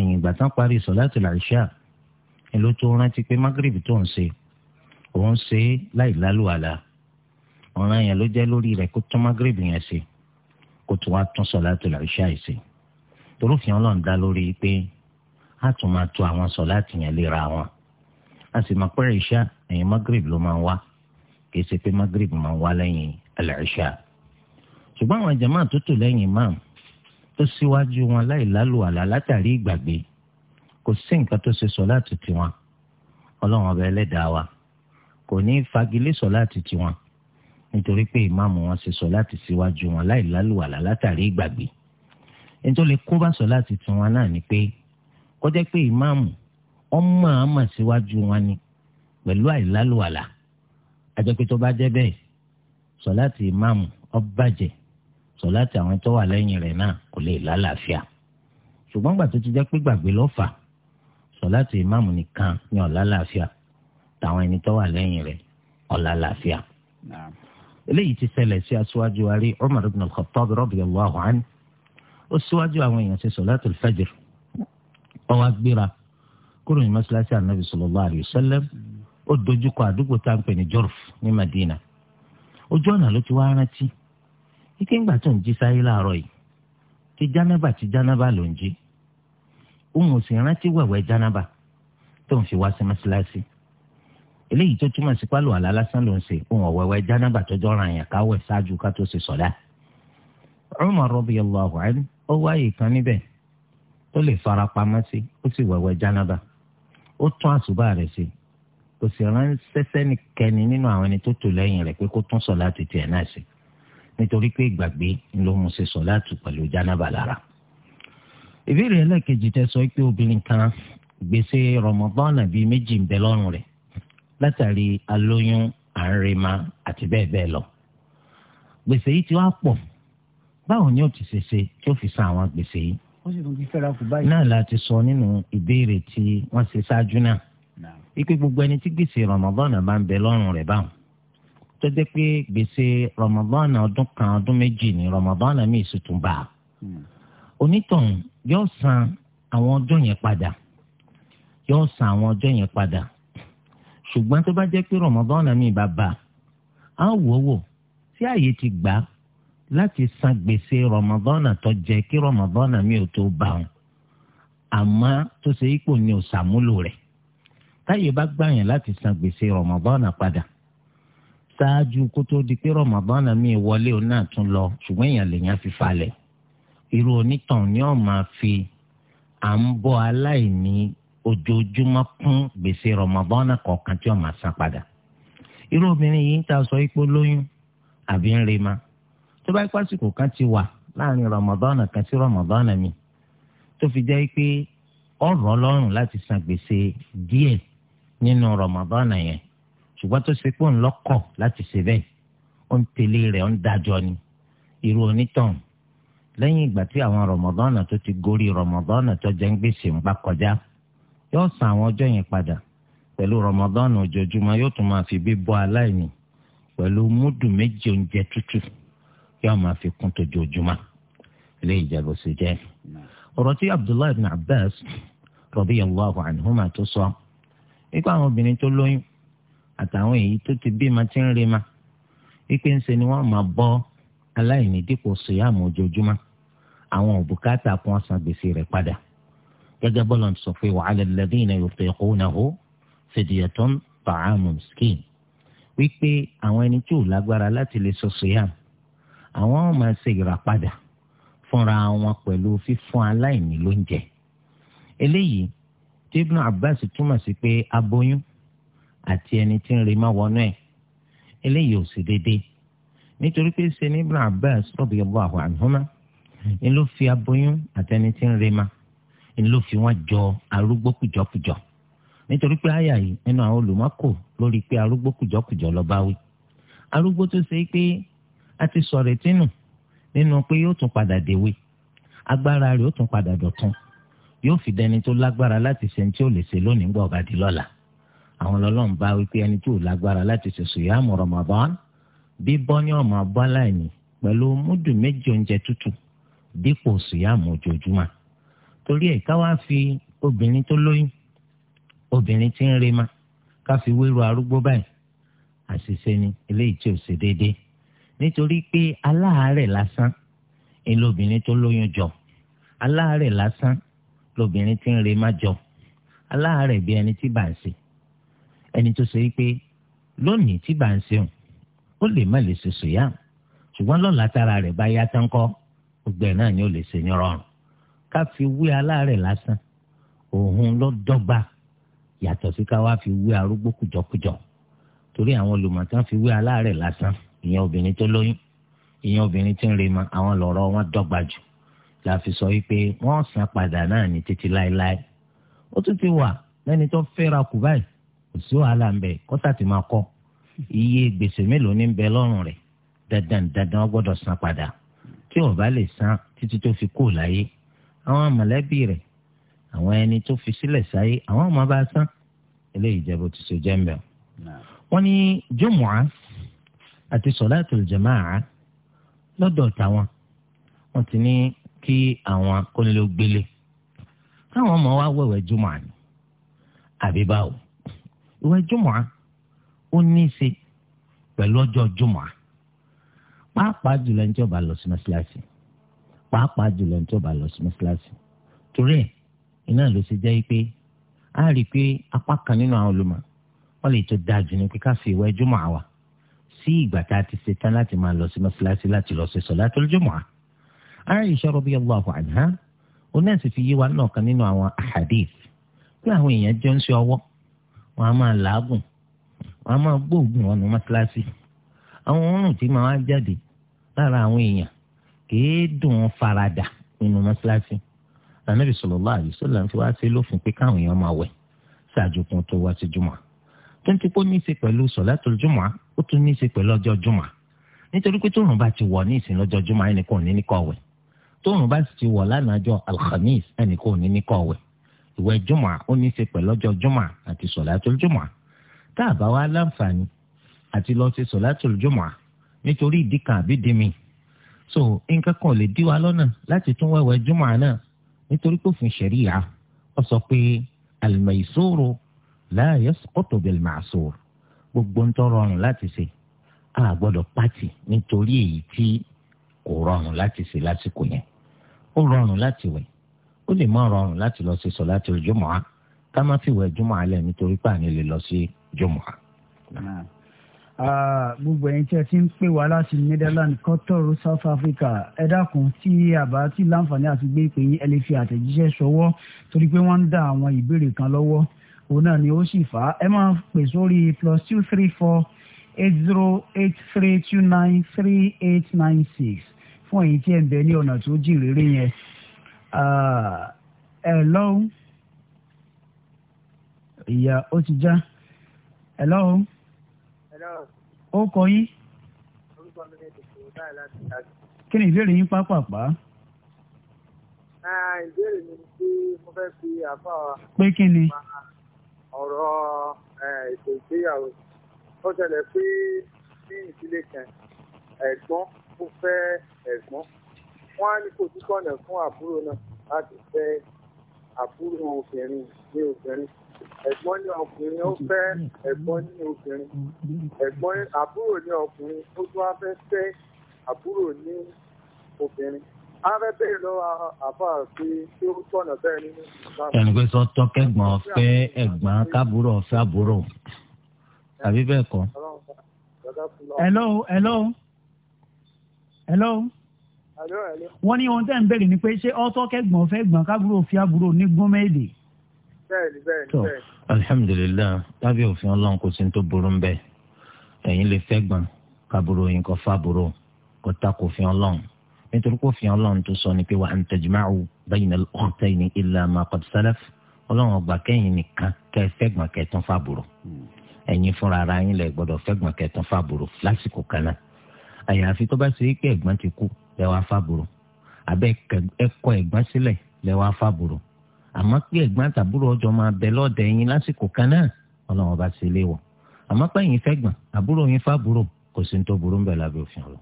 Speaker 4: ẹ̀yìn ìgbà tán parí sọ̀láàtì làṣà ẹ̀ ló tó rántí pé magrib tó ń ṣe òun ṣe é láì lálùwàlà ọ̀ràn yẹn ló jẹ́ lórí rẹ̀ kó tún magrib yẹn ṣe kó tún wá tún sọ̀láàtì làṣà yìí ṣe torófin ọlọ́run dá lórí pé a tún máa to àwọn sọ̀láàtì yẹn léra wọn a sì máa pẹ́ ìṣá ẹ̀yìn magrib ló máa ń wá kìí ṣe pé magrib máa ń wá lẹ́yìn àlàṣà ṣùgbọ́n àwọn jàmáà tó lẹ́yìn imáàmù tó síwájú wọn láì lálùwàlà látàrí ìgbàgbé kò sí nǹkan tó ṣe sọ láti tiwọn ọlọ́run ọba ẹlẹ́dàá wa kò ní fagilé sọ láti tiwọn nítorí pé ìmáàmù wọn ṣe sọ láti síwájú wọn láì lálùwàlà látàrí ìgbàgbé nítorí kó bá sọ láti tiwọn náà ni pé kó jẹ́ pé ìmáàmù wọn máa mà síwájú wọn ni pẹ̀lú àìlálùwàlà àjẹpẹ́ tó bá jẹ́ bẹ́ẹ̀ sọ láti ìmáàmù ó bàjẹ́ sọláàtì àwọn tó wà lẹ́yìn rẹ̀ náà kò lè lálàáfíà ṣùgbọ́n gbà tó ti jẹ́ pé gbàgbé lọ́fà sọláàtì ìmáàmù nìkan ni ó lálàáfíà táwọn ẹni tó wà lẹ́yìn rẹ̀ ó lálàáfíà. eléyìí ti ṣẹlẹ̀ sí aṣáájú wa rí Umar ibn al-Khattab radiyallahu anhu ó síwájú àwọn èèyàn ṣe sọláàtì al-fajr ó wá kúrò ní mọ́ṣáláṣí ànábì sallallahu alayhi wa ó ike ńgbà tó ń jí sáyé láàárọ̀ yìí ti jánábà ti jánábà ló ń jí òun ò sì rántí wẹ̀wẹ̀ jánábà tó ń fi wá sí mọ́ṣáláṣí eléyìí tó túmọ̀ sí pálọ̀ àlá lásán ló ń ṣe òun ọ̀wẹ̀wẹ̀ jánábà tó jọra àyàn káwẹ̀ ṣáájú ká tó ṣe sọ̀dá. Umar radiyallahu anhu ó wáyé kan níbẹ̀ tó lè fara pamọ́ sí ó sì wẹ̀wẹ̀ jánábà ó tún àṣùbà rẹ̀ ṣe kò sì ránṣẹ́ sẹ́nikẹ́ni nínú àwọn ẹni tó tò lẹ́yìn rẹ̀ pé kó tún sọ̀lá tètè ẹ̀ náà ṣe nítorí pé ìgbàgbé ló mú ṣe sọ̀láàtù pẹ̀lú jánábà lára. ìbéèrè ẹlẹ́kejì tẹ sọ pé obìnrin kan gbèsè rọmọbọ́nà bíi méjì ń bẹ lọ́rùn rẹ̀ látàrí alóyún àárẹ̀má àti bẹ́ẹ̀ bẹ́ẹ̀ lọ. gbèsè yìí ti wá pọ̀ báwo ni ó ti ṣe ṣe tí ó fi san àwọn gbèsè yìí. náà la sọ nínú ìbéèrè tí wọ́n ṣe ṣáájú náà. wípé gbogbo ẹni tí gbèsè rọmọbọ́nà bá ń bẹ lọ́rùn rẹ̀ báwọn tó jẹ́ pé gbèsè rọmọbọ́nà ọdún kan ọdún méjì ni rọmọbọ́nà míì sì tún bá a onítọ̀hún yóò san àwọn ọjọ́ yẹn padà yóò san àwọn ọjọ́ yẹn padà ṣùgbọ́n tó bá jẹ́ pé rọmọbọ́nà míì bá bá a á wò wò tí ààyè ti gbà láti san gbèsè rọmọbọ́nà tó jẹ kí rọmọbọ́nà míì ò tó bá wọn àmọ́ tó ṣe ipò ni ò sàmúlò rẹ̀ táyè bá gbà yẹn láti san gbèsè rọmọbọ́nà padà ṣáájú kó tó di pé rọmọbọnà mi wọlé òun náà tún lọ ṣùgbọ́n èèyàn lèèyàn fi falẹ̀ irú onítàn ni ó máa fi à ń bọ́ aláìní ojoojúmọ́ kún gbèsè rọmọbọnà kọọkan tí ó máa san padà irú obìnrin yìí ń ta sọ ipò lóyún àbí ń rema tó bá pásìkò kan ti wà láàrin rọmọbọnà kan sí rọmọbọnà mi tó fi jẹ́ pé ọ̀rọ̀ ọlọ́run láti san gbèsè díẹ̀ nínú rọmọbọnà yẹn ṣùgbọ́n tó ṣe pé òun lọ́kọ̀ láti ṣe bẹ́ẹ̀ ó ń tẹ̀lé rẹ̀ ó ń dájọ́ ni irú onítàn lẹ́yìn ìgbà tí àwọn rọmọdọ́nà tó ti gorí rọmọdọ́nà tó jẹ́ ń gbèsè ń bá kọjá yóò san àwọn ọjọ́ yẹn padà pẹ̀lú rọmọdọ́nà ojoojúmọ́ yóò tún máa fi bí bọ́ aláìní pẹ̀lú múdù méjì oúnjẹ tútù yóò máa fi kún tójoojúmọ́ ilé ìjẹ́bù sí jẹ́. ọ̀rọ̀ tí abdullahi ibn abbas radiyallahu anhuma tó sọ nípa àwọn obìnrin tó lóyún àtàwọn èyí tó ti bímọ tí ń rema wípé ńṣe ni wọ́n máa bọ́ aláìní dípò síyàmù ojoojúmọ́ àwọn òbúkátà kan san gbèsè rẹ̀ padà gẹ́gẹ́ bọ́lá ń sọ pé wa 'ala alladhina yutiqunahu fidyatun ta'amu miskin wípé àwọn ẹni tí ò lágbára láti lè sọ síyàmù àwọn máa ṣe ìràpadà fúnra wọn pẹ̀lú fífún aláìní lóúnjẹ eléyìí tí Ibn Abbas túmọ̀ sí pé aboyún àti ẹni tí ń rí má wọnú ẹ̀ eléyìí ò sì déédéé nítorí pé ṣe ní Ibn Abbas radiyallahu anhuma ń ló fi aboyún àtẹni tí ń rí má ń ló fi wọn jọ arúgbó kùjọkùjọ nítorí pé àyà yìí nínú àwọn olùmọ́kò lórí pé arúgbó kùjọkùjọ lọ bá wí arúgbó tó ṣe pé a ti sọ̀rọ̀ tínú nínú pé yóò tún padà dèwe agbára rẹ̀ yóò tún padà dọ̀tun yóò fi dẹni tó lágbára láti ṣe ní tí ò lè ṣe lónìí gbọ́ ọ̀gá di lọ́la àwọn lọ́lọ́run bá wípé ẹni tí ò lágbára láti ṣoṣo yá mọ̀ Ramadan bí bọ́ni ọmọ abọ́láìní pẹ̀lú múdù méjì oúnjẹ tútù dípò sùyàmù ojoojúmọ́ torí ẹ̀ ká wá fi obìnrin tó lóyún obìnrin tí ń rema ká fi wéru arúgbó báyìí àṣìṣe ni eléyìí tí ò ṣe déédéé nítorí pé aláàárẹ̀ lásán ni lóbìnrin tó lóyún jọ aláàárẹ̀ lásán lóbìnrin tí ń rema jọ aláàárẹ̀ bí ẹni tí bá ń ṣe ẹni tó ṣe pé lónìí tí bá ń ṣeun ó lè má lè ṣe sòyà ṣùgbọ́n lọ́la tára rẹ̀ bá yá tán kọ́ gbogbo ẹ̀ náà ni ó lè ṣe ní rọrùn ká fi wé aláàárẹ̀ lásán òun ló dọ́gba yàtọ̀ sí ká wá fi wé arúgbó kùjọkùjọ torí àwọn olùmọ̀tán fi wé aláàárẹ̀ lásán ìyẹn obìnrin tó lóyún ìyẹn obìnrin tí ń re ma àwọn lọ́rọ̀ wọn dọ́gba jù la fi sọ wípé wọ́n san padà náà ní títí láéláé ó tún ti wà lẹ́ni tó fẹ́ra kù báyìí kò sí wàhálà ń bẹ kọ́tà tí máa kọ́ iye gbèsè mélòó ní bẹ lọ́rùn rẹ̀ dandan dandan gbọ́dọ̀ san padà tí ò bá lè san títí tó fi kú láyé àwọn mọ̀lẹ́bí rẹ̀ àwọn ẹni tó fi sílẹ̀ sáyé àwọn ọmọ bá san eléyìí jẹ́ bó ti ṣe jẹ́ ń bẹ̀. wọ́n ní jùmùá àti sọ̀láàtùl jàmáà lọ́dọ̀ táwọn wọ́n ti ní kí àwọn kónílógbélé táwọn ọmọ wa wẹ̀wẹ̀ jùmùá ni àbí ìwẹ̀ jùmọ̀ ó ní í ṣe pẹ̀lú ọjọ́ jùmọ̀ pàápàá jùlọ ẹni tí ó bá lọ sí mọ́ṣáláṣí pàápàá jùlọ ẹni tí ó bá lọ sí mọ́ṣáláṣí torí ẹ̀ iná ló ṣe jẹ́ pé a rí i pé apá kan nínú àwọn olùmọ̀ wọ́n lè tó dáa jù ní pé ká fi ìwẹ̀ jùmọ̀ àwa sí ìgbà tá a ti ṣe tán láti máa lọ sí mọ́ṣáláṣí láti lọ ṣe sọ̀látul jùmọ̀ Aisha radiyallahu anha onáà sì fi yé wa náà kan nínú àwọn ahadith pé àwọn èèyàn jọ ń ṣe ọwọ́ wọn á máa làágùn wọn a máa gbóògùn ọ̀nà mọ́tíláṣí àwọn oorun tí máa wá jáde lára àwọn èèyàn kìí dùn farada nínú mọ́tíláṣí lànàbì sallallahu alaihi wasallam fi wá sí lófin pé káwọn èèyàn máa wẹ̀ ṣáàjú kan tó wá sí jùmọ̀ tó ń ti pọ́ ní í ṣe pẹ̀lú sọ̀látùl jùmọ̀ ó tún ní í ṣe pẹ̀lú ọjọ́ jùmọ̀ nítorí pé tóòrùn bá ti wọ̀ ní ìsìn lọ́jọ́ jùmọ̀ ẹnì kan ò ní ní kó wẹ̀ tóòrùn bá sì ti wọ̀ lánàá jọ alhamis ẹnì kan ò ní ní kó wẹ̀ ìwẹ̀ jùmọ̀ ó ní í ṣe pẹ̀lú ọjọ́ jùmọ̀ àti sọ̀látùl jùmọ̀ tá a bá wá láǹfààní àti lọ sí sọ̀látùl jùmọ̀ nítorí ìdí kan àbí ìdí mi so nǹkan kan ò lè dí wa lọ́nà láti tún wẹ̀wẹ̀ jùmọ̀ náà nítorí pé òfin ṣẹ̀ríyà ó sọ pé al-maysūru lā yasqutu bil-ma'sūr gbogbo ń tọ́ rọrùn láti ṣe a gbọ́dọ̀ pàtì nítorí èyí tí kò rọrùn láti ṣe lásìkò yẹn ó rọrùn láti wẹ̀ ó lè má rọrùn láti lọ sí sọláàtì jùmọ̀á ká má fìwẹ̀ jùmọ̀á lẹ̀ nítorí pàní lè lọ sí jùmọ̀á.
Speaker 3: gbogbo ẹ̀yin tí ẹ ti ń pè wá láti Netherlands Qatar South Africa ẹ dákun tí àbá tí láǹfààní àti gbé ìpè yín ẹ lè fi àtẹ̀jíṣẹ́ ṣọwọ́ torí pé wọ́n ń dá àwọn ìbéèrè kan lọ́wọ́ òun náà ni ó sì fà á ẹ máa pè sórí plus two three four eight zero eight three two nine three eight nine six fún ẹ̀yin tí ẹ ń bẹ ní ọ̀nà tó jìn réré yẹn Hello, ah, lọ́hùn ìyá ó ti já Hello. lọ́hùn ó kọ yín. kí ni ìbéèrè yín
Speaker 2: pápápá. Ah, ìbéèrè mi ni pé mo fẹ́ fi àbá. pé kí ni. ọ̀rọ̀ eh, ètò ìgbéyàwó ó ṣẹlẹ̀ pé ní ìdílé kan ẹ̀gbọ́n ó fẹ́ ẹ̀gbọ́n wọ́n á ní kò tí kọ̀nà fún àbúrò náà láti fẹ́ àbúrò obìnrin ní obìnrin ẹ̀gbọ́n ní ọkùnrin ó fẹ́ ẹ̀gbọ́n ní obìnrin ẹ̀gbọ́n àbúrò ní ọkùnrin ó tún á fẹ́ fẹ́ àbúrò ní obìnrin afẹ́fẹ́ lọ àbá pé tí ó tọ̀nà bẹ́ẹ̀ nínú ìgbà. ẹnì pé sọ
Speaker 4: tọkẹgbọn fẹ́ ẹ̀gbọ́n kábúrò ọfẹ àbúrò tàbí bẹ́ẹ̀ kọ́. hello hello hello
Speaker 3: wọ́n ní ohun tẹ́ ń bẹ̀rẹ̀ ni pé ṣé ọ́tọ́ kẹ́gbọ̀n fẹ́ gbọ̀n kábúrò fi àbúrò ní gómẹ́ẹ̀dì.
Speaker 4: bẹ́ẹ̀ni bẹ́ẹ̀ni. tó alihamudulilayi lábẹ́ òfin ọlọ́run kò sí ní tó burú ń bẹ́ẹ̀ ẹ̀yin lè fẹ́ gbọ̀n kábúrò yín kọ́ fábúrò kó ta kò fi ọlọ́run nítorí kó fi ọlọ́run tó sọ ni pé wà á ń tajma'u bayna al-ukhtayni illa ma qad salaf ọlọ́run ọgbà kẹ́yìn nìkan kẹ́ fẹ́gbọ̀n kẹ́tún fábúrò ẹ̀yin fúnra lẹ́wọ́ afábùrò àbẹ́ ẹ̀kọ́ ẹ̀gbọ́n sílẹ̀ lẹ́wọ́ afábùrò àmọ́ pé ẹ̀gbọ́n tàbúrò ọjọ́ máa bẹ lọ́ọ̀dẹ̀ yín lásìkò kan náà ọlọ́wọ́n bá ṣe léwọ̀ àmọ́ pé ẹ̀yin fẹ́ gbọ̀n àbúrò yín fábùrò kò sí ní tó burú bẹ̀ lábẹ́ òfin ọ̀rọ̀.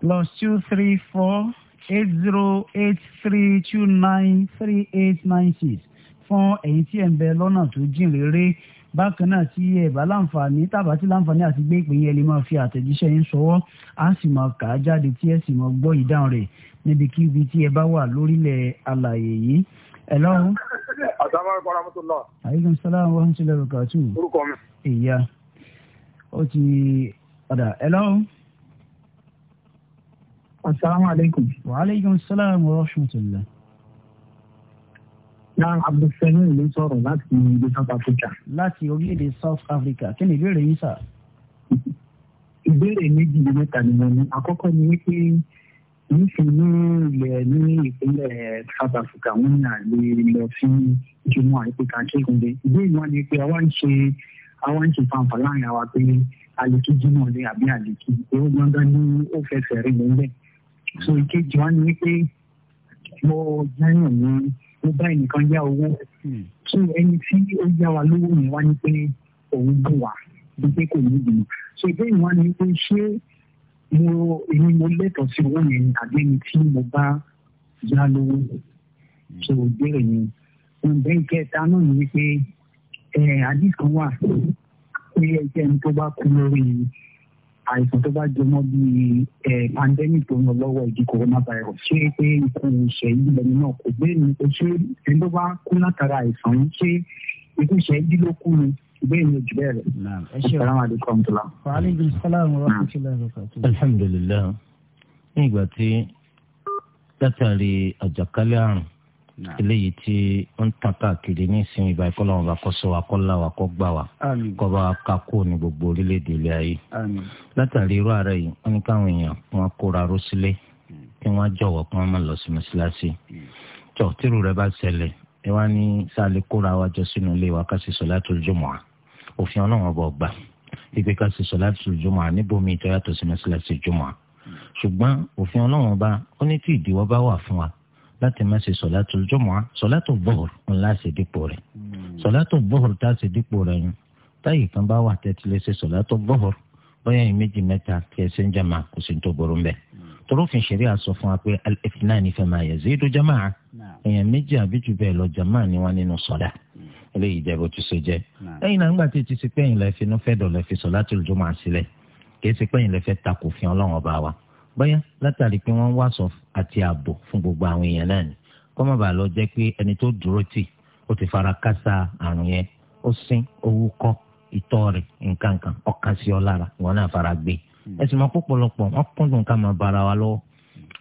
Speaker 4: plus two
Speaker 3: three four eight zero eight three two nine three eight nine six fún ẹ̀yin tí ẹ̀ ń bẹ lọ́nà tó jìn réré bákan náà tí ẹ bá láǹfààní tàbá tí láǹfààní àti gbé ìpè yẹn lè máa fi àtẹ̀jíṣẹ́ yín sọwọ́ á sì máa kà á jáde tí ẹ sì máa gbọ́ ìdáhùn rẹ̀ níbikíbi tí ẹ bá wà lórílẹ̀ àlàyé yìí. ẹ lọ́run.
Speaker 1: asalaamualeykum wa rahmatulah.
Speaker 3: aleykum salaam wa rahmatulah rukatu. orúkọ mi. ìyá ó ti padà ẹ lọ́run. asalaamualeykum. wa aleykum wa rahmatulah náà abdulsani ló sọ̀rọ̀ láti ìlú south africa. láti orílẹ̀-èdè south africa kí ni ìbéèrè yín
Speaker 2: sà. ìbéèrè méjì ní mẹ́ta ni wọ́n ní àkọ́kọ́ ni wípé nífi ní ilẹ̀ ní ìpínlẹ̀ south africa wọ́n ní àlè lọ sí jùmọ̀ àìpé kàkékunde ìbéèrè wọn ni pé àwa ń ṣe àwa ń ṣe fanfà láàrin àwa pé àlèkí jùmọ̀ ní àbí àlèkí èyí gbọ́ngàn ní ó fẹsẹ̀ rí lóńgbẹ́ so ìkejì wọn ni wípé mo jẹ́yàn ní mo bá ẹnìkan yá owó hmm. so ẹni tí ó yá wa lówó yẹn wá ní pé òun bù wá ní pé kò ní ìdùnnú so ìbéèrè wa ni pé ṣé mo èmi mo lẹ́tọ̀ọ́ sí owó yẹn àbí ẹni tí mo bá yá lówó hmm. so ìbéèrè yẹn ǹjẹ́ ìkẹta náà ni wípé àdìs eh, kan wà pé ẹjẹ́ ẹni tó bá kú lórí yìí àìsàn tó bá jọmọ́ bíi pandemic tó ń lọ lọ́wọ́ ìdí coronavirus ṣé pé ikú ṣẹ́yìn lẹ́nu náà kò gbé ní o ṣé ẹni tó bá kú látara àìsàn yìí ṣé ikú ṣẹ́yìn ló kú ni bẹ́ẹ̀ ni jù bẹ́ẹ̀ rẹ̀. ẹ ṣe ọ̀rọ̀ àwọn àdìkọ́ ọ̀tọ̀lá. wàhálà sàlámù rahmatullahi wa barakatuh.
Speaker 4: alhamdulilayi ní ìgbà tí látàrí àjàkálẹ̀ àrùn eléyìí tí ó ń tàn káàkiri ní ìsinmi ìbáyìí kọ́ làwọn bá kọ́ sọ wa kọ́ là wa kọ́ gbà wa kọ́ bá ká kó ní gbogbo orílẹ̀-èdè ilé ayé látàrí irú ààrẹ yìí wọ́n ní káwọn èèyàn wọn kóra ró sílé kí wọ́n jọ̀wọ́ kí wọ́n má lọ sí mọ́ṣáláṣí tó tírù rẹ bá ṣẹlẹ̀ ẹ wá ní sáàlì kóra wa jọ sínú ilé wa ká sì solatul jumu'a òfin ọlọ́run ọba ọgbà ìgbé ká sì solatul jumu'a níbòmí ìtọ́yàtọ̀ sí mọ́ṣáláṣí jumu'a ṣùgbọ́n òfin ọlọ́run ọba ó ní tí ìdíwọ́ bá wà fún wa láti má ṣe sọ̀látò jọ̀mọ́á sọ̀látò bọ́ọ̀r ńlá ṣe dípò rẹ̀ hmm. sọ̀látò bọ́ọ̀r tá a ṣe dípò rẹ̀ yẹn táyì kan bá wà tẹ́tí lè ṣe sọ̀látò bọ́ọ̀r bóyá yìí méjì mẹ́ta kí ẹ ṣe ń jàmá kò sí tó burú mbẹ́. Hmm. torófin ṣeré àsọ fún wa pé al-ithnani fama yazidu jama'a èèyàn méjì àbí jù bẹ́ẹ̀ lọ jàmá ni wọ́n nínú sọ̀dá hmm. eléyìí jẹ́ bó bóyá látàrí pé wọ́n ń wàsọ àti ààbò fún gbogbo àwọn èèyàn náà ni kọ́ má bàa lọ jẹ́ pé ẹni tó dúró tì ó ti fara kásá àrùn yẹn ó sín owó kọ́ ìtọ́ rẹ̀ nǹkan kan ọkàn sí ọ lára ìwọ́n náà fara gbé hmm. ẹ̀sìn máa púpọ̀lọpọ̀ wọ́n kúndùn ká máa bára wa lọ́wọ́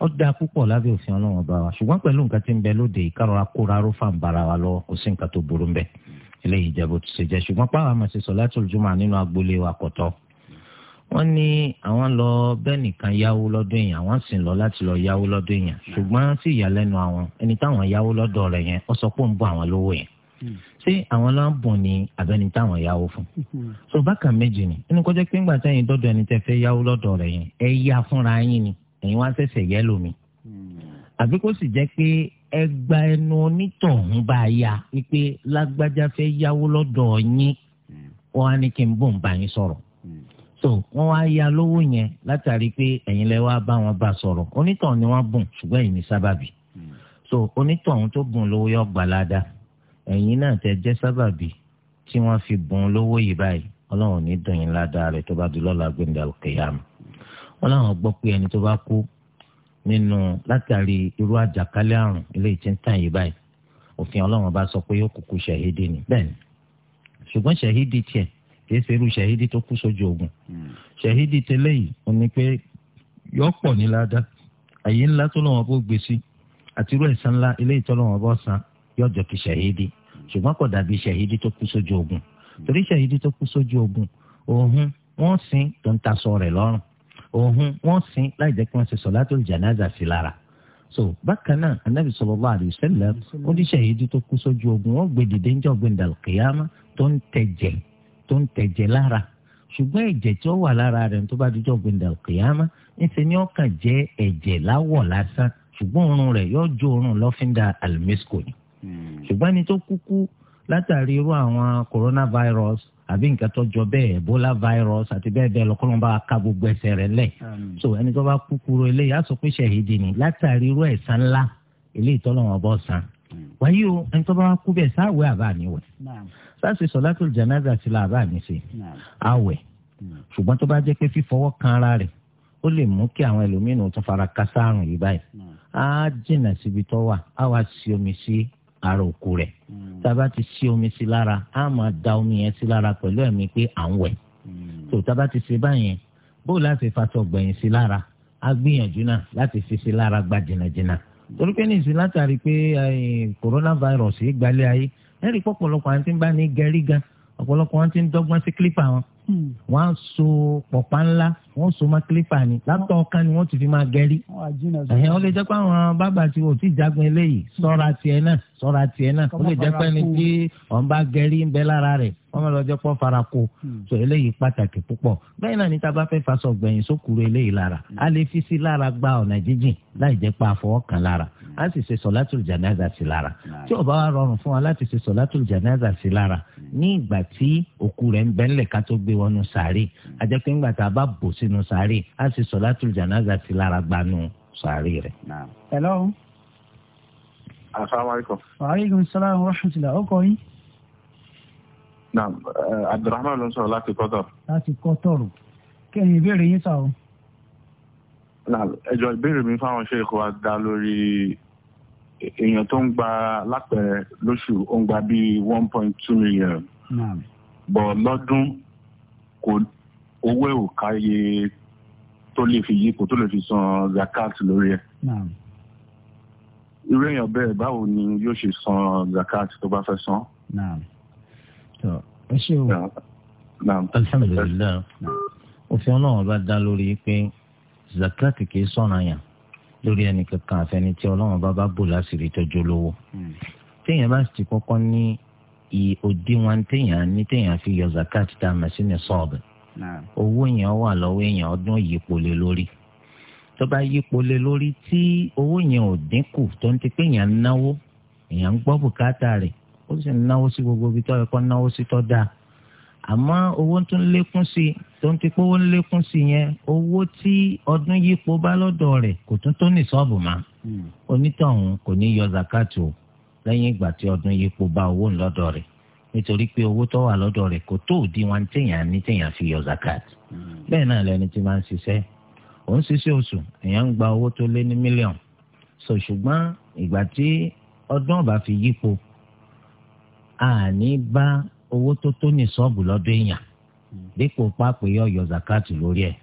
Speaker 4: ó dáa púpọ̀ lábẹ́ òfin ọlọ́run bá wa ṣùgbọ́n pẹ̀lú nǹkan tí ń bẹ lóde ìkárọ̀ra kóra ró fà ń bára wa lọ́wọ́ kò sí nǹkan tó burú ń bẹ hmm. eléyìí ìjẹ́bù tó ṣe jẹ́ ṣùgbọ́n pàwọn àmọ̀ ṣe sọ láti olùjúmọ̀ nínú agboolé wa kọ̀tọ́ wọ́n ní àwọn lọ bẹ́ẹ̀ nìkan yáwó lọ́dún yẹn àwọn sì lọ láti lọ yáwó lọ́dún yẹn ṣùgbọ́n sí ìyàlẹ́nu àwọn ẹni táwọn yáwó lọ́dọ̀ rẹ̀ yẹn ó sọ ń bọ́ àwọn lówó yẹn hmm. ṣé àwọn ló bùn ní abẹ́ni táwọn yáwó fún. Hmm. so bákan méjì ni ẹni kọjá pé ńgbà sẹ́yìn dọ́dọ̀ ẹni tẹ́ fẹ́ yáwó lọ́dọ̀ rẹ̀ yẹn ẹ yá fúnra yín ni ẹ̀yin wá ṣẹ̀ṣẹ̀ yẹ́ lómi. ya wípé lágbájá fẹ́ yáwó lọ́dọ̀ yín hmm. wọ́n á ní kí tó wọ́n wá ya lówó yẹn látàrí pé ẹ̀yin lẹ wá bá wọn bá sọ̀rọ̀ onítọ̀hún ni wọ́n bùn ṣùgbọ́n ẹ̀yin ní sábàbí so onítọ̀hún tó bùn lówó yọ gbàládà ẹ̀yin náà tẹ jẹ́ sábàbí tí wọ́n fi bùn lówó yìí báyìí ọlọ́run ní dùn yín ládàá rẹ̀ tó bá di lọ́la gbẹ̀ndà kẹyàm wọn làwọn gbọ́ pé ẹni tó bá kú nínú látàrí irú àjàkálẹ̀ àrùn eléyìí tí ń tàn yìí báyìí òfin ọlọ́run bá sọ pé yóò kúkú ṣàhídì ni bẹ́ẹ̀ ni ṣùgbọ́n ṣàhídì tiẹ̀ kì í ṣe irú ṣahidi tó kú sójú ogun hmm. ṣahidi tẹ́lẹ̀ yìí ó ní pé yọ pọ̀ ní ládàá àyè ńlá tó lọ́wọ́ bó gbé sí àti irú ẹ̀san ńlá eléyìí tó lọ́wọ́ bó san yọ jọ kí ṣahidi ṣùgbọ́n kò dàbí ṣahidi tó kú sójú ogun torí ṣahidi tó kú sójú ogun òun wọ́n sin tó ń ta sọ rẹ̀ lọ́rùn òun wọ́n sin láì jẹ́ kí wọ́n ṣe solatul janaza sí lára so bákan náà anabi sallallahu alaihi wasallam ó ní ṣahidi tó kú sójú ogun wọ́n gbé dìde ńjọ́ gbé ndàlùkìyàmá tó ń tẹ̀jẹ̀ tó ń tẹ̀jẹ̀ lára ṣùgbọ́n ẹ̀jẹ̀ tí ó wà lára rẹ̀ tó bá dijọ́ gbẹ̀ndà kìyàmá ńṣe ni ó kàn jẹ́ ẹ̀jẹ̀ láwọ̀ lásán ṣùgbọ́n òórùn rẹ̀ yóò jó òórùn lọ́fíńdà almisco ni. Hmm. ṣùgbọ́n ẹni tó kúkú látàrí irú àwọn coronavirus àbí nǹkan tó jọ bẹ́ẹ̀ ebola virus àti bẹ́ẹ̀ bẹ́ẹ̀ lọ kọ́lọ́n bá ka gbogbo ẹsẹ̀ rẹ̀ lẹ̀. Hmm. so ẹni tó bá kúkúrú eléyìí á sọ pé ṣèhídì ni látàrí irú ẹ̀san ńlá eléyìí tọ́lọ́wọ́n bọ́ san Hmm. wáyé o ẹni tó bá wá kú bẹ́ẹ̀ sáwẹ́ àbá mi wẹ̀ sáàsì sọ̀látù jánásà sí la àbá mi ṣe àwẹ̀ hmm. ṣùgbọ́n tó bá jẹ́ pé fífọwọ́ kan ara rẹ̀ ó lè mú kí àwọn ẹlòmíràn tún fara kásá àrùn yìí báyìí á jìnnà síbi tó wà á wá sí omi sí ara òkú rẹ̀ hmm. tá a bá ti sí omi sí lára á máa da omi yẹn sí lára pẹ̀lú ẹ̀mí pé à ń wẹ̀ tó tá a bá ti ṣe báyẹn bó láti fatọ̀ gbẹ̀yìn sí lára á gbìyànjú náà láti fi sí lára gba jìnnàjìnnà torí pé nìsín látàrí pé eh, coronavirus yìí gbalẹ̀ ayé ẹ̀rí pọ̀pọ̀lọpọ̀ àti ń bá ní gẹ̀rí gan ọ̀pọ̀lọpọ̀ wọn ti ń dọ́gbọ́n sí clipper wọn wọ́n á so pọ̀pá ńlá wọ́n so mọ́ kílípà ni látọ̀ ọ̀kan ni wọ́n ti fi máa gẹrí. ẹ̀hìn ó lè jẹ́ pé àwọn bàbá tí o ti jagun eléyìí sọ́ra tiẹ̀ náà sọ́ra tiẹ̀ náà ó lè jẹ́ pé ẹni tí òun bá gẹrí ń bẹ lára rẹ̀ wọ́n máa lọ jẹ́ pọ́ fara ko so eléyìí pàtàkì púpọ̀ bẹ́ẹ̀ náà ni tá a bá fẹ́ faṣọ gbẹ̀yìn sókùrú eléyìí lára a lè fi sí lára gba ọ̀nà jíjìn láì jẹ́ pé àfọwọ́kàn lára a sì ṣe sọlátùl janaza sí lára tí ó bá wa rọrùn fún wa láti ṣe sọlátùl janaza sí lára ní ìgbà tí òkú rẹ̀ ń bẹ́ńlẹ̀ ká tó gbé wọnú sàárè a jẹ́ pé ńgbà tá a bá bò sínú sàárè a sì sọlátùl janaza sí lára gbanú sàárè rẹ̀. hello.
Speaker 2: asalaamualeykum.
Speaker 3: waaleykum salaam wa rahmatulah ọkọ yín.
Speaker 2: naam eh, abdulrahman ló ń sọ̀rọ̀ láti kọ́tọ̀rù.
Speaker 3: láti kọ́tọ̀rù kẹ́ni ìbéèrè yín sá
Speaker 2: ẹjọ ìbéèrè mi fáwọn ṣe kó wa dá lórí èèyàn tó ń gba lápẹẹrẹ lóṣù ó ń gba bíi one point two million bọ̀ lọ́dún kò owó ẹ̀ ò káyé tó lè fi yípo tó lè fi san zakat lórí ẹ̀ irú èèyàn bẹ́ẹ̀ báwo ni yóò ṣe san zakat tó bá fẹ́ san.
Speaker 4: ẹ ṣé o alhamdulilayi òfin ọlọ́run bá dá lórí pé zakati kì í sọ̀ràn yàn lórí ẹnìkankan àfẹni tí ọlọ́run bá bá bò láṣìírí tọ́jú lówó. Hmm. téèyàn bá sì ti kọ́kọ́ ní òdiwọ̀n téèyàn ní téèyàn fi yọ zakati tá a mọ̀ sí ní sọ́ọ̀bù. owó yẹn wà lọ́wọ́ èèyàn ọdún yípo lé lórí. tó bá yípo lé lórí tí owó yẹn ò dínkù tó ń ti pé èèyàn náwó èèyàn ń gbọ́ bùkátà rẹ̀ ó sì ń náwó sí gbogbo ibi tó yẹ kó náwó sí tó dáa àmọ́ owó tó ń lékún sí i tó ń ti pówó ń lékún sí i yẹn owó tí ọdún yípo bá lọ́dọ̀ rẹ̀ kò tún tó ní sọ́ọ̀bù mọ́ hmm. onítọ̀hún kò ní yọ zakat o lẹ́yìn ìgbà tí ọdún yípo bá owó ń lọ́dọ̀ rẹ̀ nítorí pé owó tó wà lọ́dọ̀ rẹ̀ kò tó di wọn téèyàn ní téèyàn fi yọ zakat hmm. bẹ́ẹ̀ náà lẹni tí máa ń ṣiṣẹ́ ò ń ṣiṣẹ́ oṣù èèyàn ń gba owó tó lé ní mílíọ̀n so ṣùgbọ́n ìgbà tí ọdún ọba fi yípo àní bá owó tó tó ní sọ́ọ̀bù lọ́dọ̀ èèyàn hmm. dípò pápẹ́ yọ yọ zakat lórí ẹ̀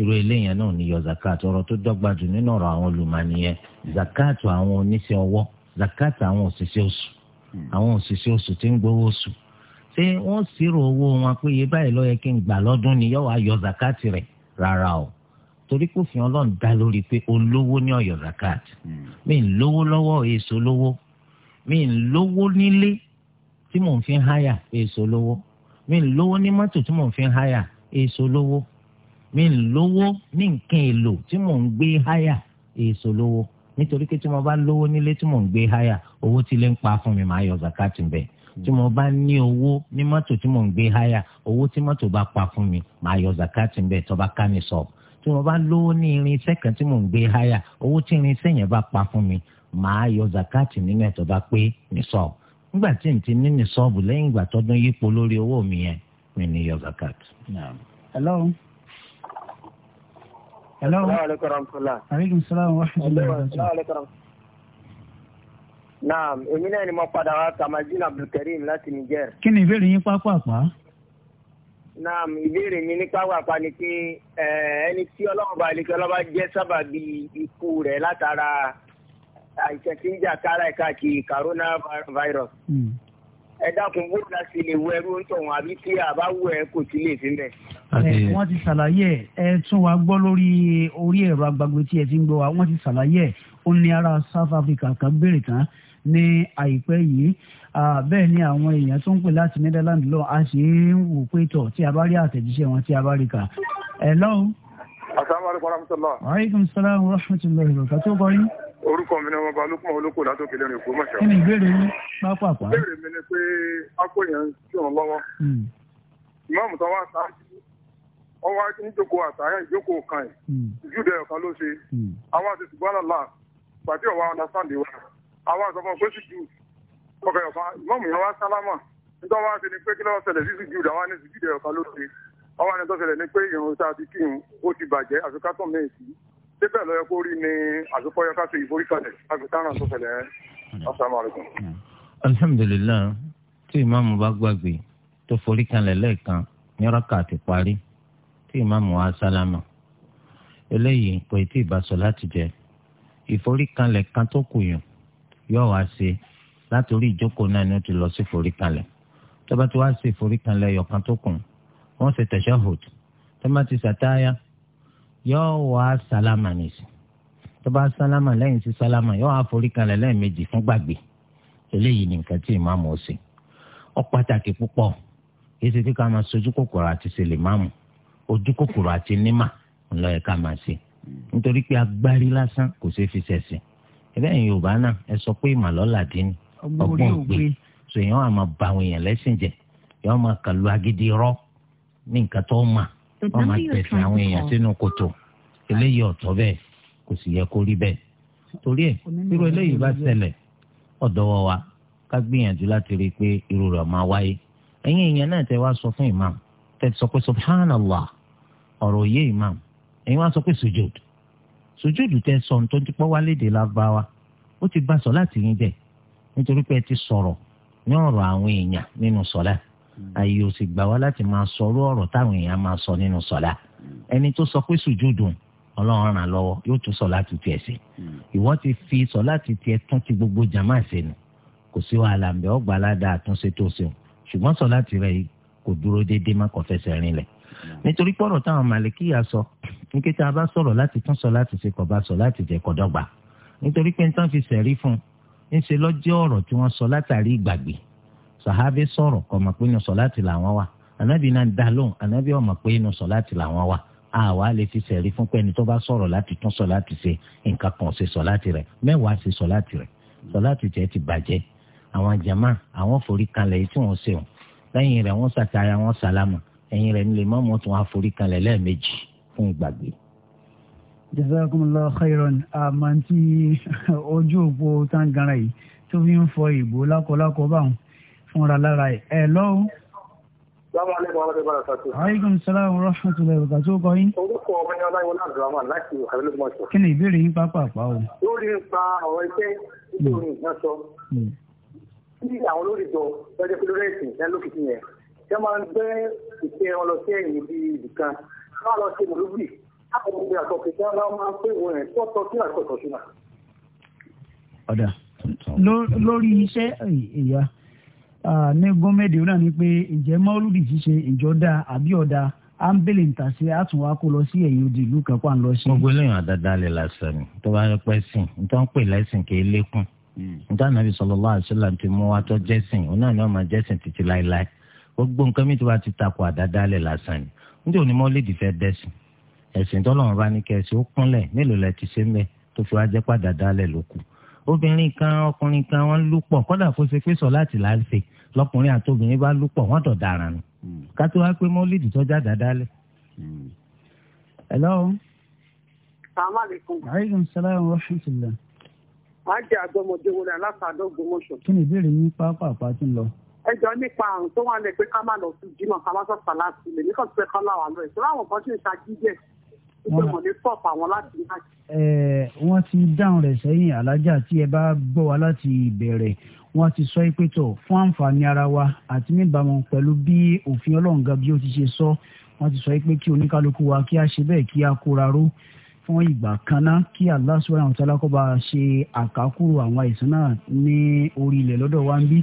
Speaker 4: irú eléyàn náà ní yọ zakat ọ̀rọ̀ tó dọ́gba jù nínú ọ̀rọ̀ àwọn olùmọ̀nìyẹn hmm. zakat àwọn oníṣẹ́ ọwọ́ zakat àwọn òṣìṣẹ́ oṣù hmm. àwọn òṣìṣẹ́ oṣù tí ń gbowó oṣù ṣé wọ́n ṣírò owó wọn pé iye báyìí ló kí n gbà lọ́dún ni yóò wá yọ zakat rẹ̀ rárá o torí kò fi ọlọ́run dá lórí pé olówó ní ọ̀yọ́ zakat mi ń lówó lọ́wọ́ èso lówó mi ń lówó nílé tí mò ń fi háyà èso lówó mi ń lówó ní mọ́tò tí mò ń fi háyà èso lówó mi ń lówó ní nǹkan èlò tí mò ń gbé háyà èso lówó nítorí pé tí mo bá lówó nílé tí mò ń gbé háyà owó tí lè ń pa fún mi màá yọ zakati ń bẹ tí mo bá ní owó ní mọ́tò tí mò ń gbé háyà owó tí mọ́tò bá pa fún mi màá yọ zakati bẹ tó bá ká mi sọ tí mo bá lówó ní irinṣẹ́ kan tí mò ń gbé háyà owó tí irinṣẹ́ yẹn bá pa fún mi màá yọ zakati nínú ẹ̀ tó bá pé mi sọ nígbà tí n ti níní sọ́ọ̀bù lẹ́yìn ìgbà tọdún yípo lórí owó mi yẹn mi ní yọ zakat.
Speaker 3: hello. hello. aleykum salaam wa rahmatulah.
Speaker 1: naam èmi náà ni mo padà wá kamaldeen abdulkareem láti niger.
Speaker 3: kí ni ìbéèrè yín pápápá.
Speaker 1: naam ìbéèrè mi ní pápápá ni pé eh, ẹni tí ọlọ́run bá lè kí ọlọ́ba jẹ́ sábàbí ikú rẹ̀ látara àìsàn tí ń jà kára ẹ̀ka kì í coronavirus. Hmm. ẹ dákun bó la sì lè wọ ẹrú tọ̀hún àbí tí a bá wọ ẹ kò sí lè fi mẹ́.
Speaker 3: wọ́n ti ṣàlàyé ẹ tún wa gbọ́ lórí orí ẹ̀rọ agbagbe tí ẹ ti ń gbọ́ wa wọ́n ti ṣàlàyé ó ní ara South Africa kan béèrè tán ní àìpẹ́ yìí bẹ́ẹ̀ ni àwọn èèyàn tó ń pè láti Netherlands lọ a sì ń wò pé tọ̀ tí a bá rí àtẹ̀jíṣẹ́ wọn tí a bá rí kà. Hello.
Speaker 1: asalaamualeykum wa rahmatulah.
Speaker 3: wa aleykum wa rahmatulah. ìrọ̀kà
Speaker 2: kọrin.
Speaker 1: orúkọ mi ni wọn bá lókùn olóko látòkè lẹ́nu ìfowó mọ̀ṣọ́. kí ni
Speaker 2: ìbéèrè yín pápá pa. ìbéèrè
Speaker 1: mi ni pé akóyàn sùn lọ́wọ́. Hmm. ìmáàmù tó wá sáájú wá níjókòó ìjókòó kan ẹ̀ ìjúde hmm. ọ̀kan ló ṣe hmm. ti ṣùgbọ́n àlá pàtí ọ̀wá ọ̀nàsàndì wa àwa sálámà nítorí wá ni pé kí lọ́wọ́ débẹ̀ lọ́yọ́ kó rí ni àsopọ̀ yẹ ká ṣe ìforíkalẹ̀ agbẹ̀tàràn tó fẹ̀lẹ̀ mm. asalaamualeykum. Mm.
Speaker 4: alhamdulilayi tí ìmáàmù bá gbàgbé tó foríkalẹ̀ lẹ́ẹ̀kan ní rákà ti parí tí ìmáàmù wa sálámà eléyìí kò tí ì bá sọ láti jẹ ìforíkalẹ̀ kan tó kù yàn yóò wá ṣe látòrí ìjókòó náà ni ó ti lọ sí ìforíkalẹ̀ tó bá ti wá ṣe ìforíkalẹ̀ yọ̀kan tó kù wọ́n ṣe tẹ̀sán hòt tó má ti ṣàtáyà. yóò wá sálámà nìsín tó bá sálámà lẹ́yìn sí sálámà yóò wá forí kalẹ̀ lẹ́ẹ̀mejì fún gbàgbé eléyìí ni nǹkan tí ìmáàmù ó pàtàkì púpọ̀ kì ṣe ká máa sojú kòkòrò àti ṣèlè máàmù ojú kòkòrò àti nímà ńlọ yẹ máa ṣe nítorí pé agbárí lásán kò fi yorùbá náà ẹ sọ pé ọgbọ́n
Speaker 2: wọ́n máa tẹ̀sí àwọn èèyàn sínú
Speaker 4: kòtò eléyìí ọ̀tọ̀ bẹ́ẹ̀ kò sì yẹ kó rí bẹ́ẹ̀ torí ẹ̀ irú eléyìí bá ṣẹlẹ̀ ọ̀dọ́wọ́ wa ká gbìyànjú láti rí i pé irú rẹ̀ máa wáyé ẹ̀yin èèyàn náà tẹ́ wá sọ fún imam tẹ́ sọ pé subhanallah ọ̀rọ̀ òye imam ẹ̀yin wá sọ pé sujud sujud tẹ́ sọ ní tó ti pọ́ wálé dè lágbáwá ó ti bá sọ láti yín jẹ nítorí pé ẹ ti sọ̀rọ̀ ní ọ̀rọ̀ àwọn èèyàn nínú sọ̀lá ààyè ò sì gbà wá láti máa sọ orú ọ̀rọ̀ táwọn èèyàn máa sọ nínú sọ̀lá ẹni tó sọ pé sùjúdùn ọlọ́run ràn lọ́wọ́ yóò tún sọ láti tiẹ̀ sí ìwọ ti fi sọ láti tiẹ̀ tún ti gbogbo jàmáà ṣe nù kò sí wàhálà ń bẹ ọgbà aládà àtúnṣe tó ṣe o ṣùgbọ́n sọ láti rẹ̀ yìí kò dúró déédéé má kọ fẹsẹ̀ rinlẹ̀ nítorí pọ̀rọ̀ táwọn màlìkíyà sọ ní kí tá a bá sọ̀rọ̀ láti tún sọ láti ṣe kọ̀ bá sọ láti jẹ́ kọ̀dọ́gba nítorí pé ń tán fi sẹ̀rí fún un ń ṣe lọ́jọ́ ọ̀rọ̀ tí wọ́n sọ látàrí ìgbàgbé sàhábì sọ̀rọ̀ kò mọ̀ pé inú sọ̀láàtì làwọn wà ànábì náà dá lóhùn ànábì ò mọ̀ pé inú sọ̀láàtì làwọn wà àwa lè fi sẹ̀rí fún pé ẹni tó bá sọ̀rọ̀ láti tún sọ̀láàtì ṣe nǹkan kan ṣe sọ̀láàtì rẹ̀ mẹ́wàá ṣe sọ̀láàtì rẹ̀ sọ̀láàtì tẹ̀ ti bàjẹ́ àwọn jama àwọn forí kanlẹ̀ yìí tí wọ́n ṣe wọn lẹ́yìn rẹ̀ wọ́n ṣàtàyà wọn sàlámà ẹ̀yìn rẹ̀ nílé mọ́mọ́ tún wá forí kanlẹ̀ lẹ́ẹ̀mejì fún ìgbàgbé.
Speaker 3: jazakumullahu khairan àmàntí ojú òpó táǹgàrà yìí tó fi ń fọ ìbò lákọlákọ báwọn fúnra lára ẹ̀ ẹ̀ lọ́wọ́.
Speaker 1: Láwọn alẹ́ wọn lọ́dẹ bára sàtò.
Speaker 3: Aleykum salaam wa
Speaker 2: rahmatullahi wa barakatuh kọ yín.
Speaker 1: Orúkọ ọmọ ní Ọláyíwọlá Abdulrahma láti Àbẹ́lẹ́gbọ̀nsọ.
Speaker 2: Kí ni ìbéèrè yín pápá àpá o?
Speaker 1: Lórí nípa ọ̀rọ̀ iṣẹ́ lórí hmm. ìyàn sọ. Bí hmm. àwọn olórí jọ lọ́jọ́ pé lórí ẹ̀sìn ìyá lókìtì yẹn, ṣé máa ń gbé ìṣe ọlọ́sẹ̀ ẹ̀yìn bí ibìkan?
Speaker 2: Káwọn lọ ṣe mọ̀lúbì, láwọn ọmọdé àtọ̀kẹ́ṣẹ́ máa ń
Speaker 3: ní gómẹ̀dì náà ni pé ǹjẹ́ mọ́lúdì ṣíṣe ìjọ́dá àbí ọ̀dà ámbélé ntàṣe àtúnwá kó lọ sí ẹ̀yìn odi ìlú kan kó à ń lọ sí. gbogbo
Speaker 4: eléyàn àdáadáa lè lásán ni tó bá yẹ pẹ́ sìn nítorí wọ́n pè lẹ́sìn kì í lékún nítorí ànábì sallallahu alaihi wasallam ti mú wa tó jẹ́sìn òun náà ni wọ́n máa jẹ́sìn títí láéláé gbogbo nǹkan mi tó bá ti takò àdáadáa lè lásán ni nítorí onímọ̀ lédi fẹ́ dẹ́sìn ẹ̀sìn tọ́lọ́run bá ní kẹ́sì ó kúnlẹ̀ mélòó obìnrin kan ọkùnrin kan wọ́n lù pọ̀ kódà kó ṣe pé sọ láti láàṣẹ lọkùnrin àti obìnrin bá lù pọ̀ wọ́n dọ̀ dára ni hmm. ká tó wá pé mọ́lídì tó já dáadáa lẹ̀. Hmm. hello. salaamaleykum. aleykum salaam wa
Speaker 3: rahmatulah.
Speaker 1: wàá jẹ àgbọmọdé wọlé alákàdọ gbọmọṣọ.
Speaker 3: kí ni ìbéèrè yín pápá àpáti
Speaker 2: lọ
Speaker 1: ẹjọ nípa àrùn tó wà lẹ pé ká má lọ sí jimọ ká má sọ sàlá sílẹ nígbà tó fẹ ká láwà lọ ẹ tó láwọn kan tí ń ṣàjíjẹ wọ́n kò ní stop àwọn láti ní àjẹ.
Speaker 2: wọ́n ti
Speaker 3: dáhùn rẹ̀ sẹ́yìn alájà tí ẹ bá gbọ́ wa láti ìbẹ̀rẹ̀ wọ́n ti sọ pé tọ̀ fún àǹfààní ara wa àti níbàámu pẹ̀lú bí òfin ọlọ́run ga bí ó ti ṣe sọ wọ́n ti sọ pé kí oníkálukú wa kí a ṣe bẹ́ẹ̀ kí a kóra ró fún ìgbà kan ná kí Allah subhanahu wa ta'ala kó bá ṣe àkákúrò àwọn àìsàn náà ní orí ilẹ̀ lọ́dọ̀ wa ń bí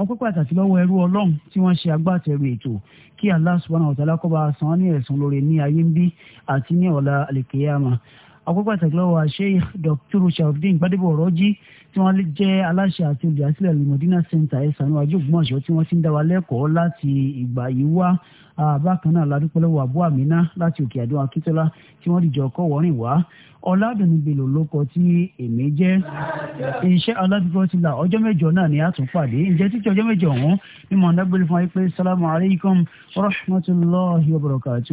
Speaker 3: ọpẹ́ pàtàkì lọ́wọ́ ẹrú ọlọ́run tí wọ́n ṣe agbátẹrù ètò kí Allah subhanahu wa ta'ala kó bá san ní ẹ̀sùn lóore ní ayé ń bí àti ní ọ̀la àlìkèyàmà ọpẹ́ pàtàkì lọ́wọ́ Sheikh Dr. Sharafdin Gbadebo Ọ̀rọ̀jí tí wọ́n lè jẹ́ aláṣẹ àti olùdásílẹ̀ lumodina center ẹ̀sánú ajé ògbómọ̀ṣọ́ tí wọ́n ti ń dá wa lẹ́kọ̀ọ́ láti ìgbà yìí wá bákan náà ládùúpẹ́ lọ́wọ́ àbú àmínà láti òkè àdó akíntola tí wọ́n dìjọ kọ́ wọ́rìn wá ọ̀làdùnní belò lóko tí èmi jẹ́ iṣẹ́ alábìbọ́ ti la ọjọ́ mẹ́jọ náà ni a tún pàdé ǹjẹ́
Speaker 2: títí ọjọ́ mẹ́jọ ọ̀hún ni mọ̀ọ́dá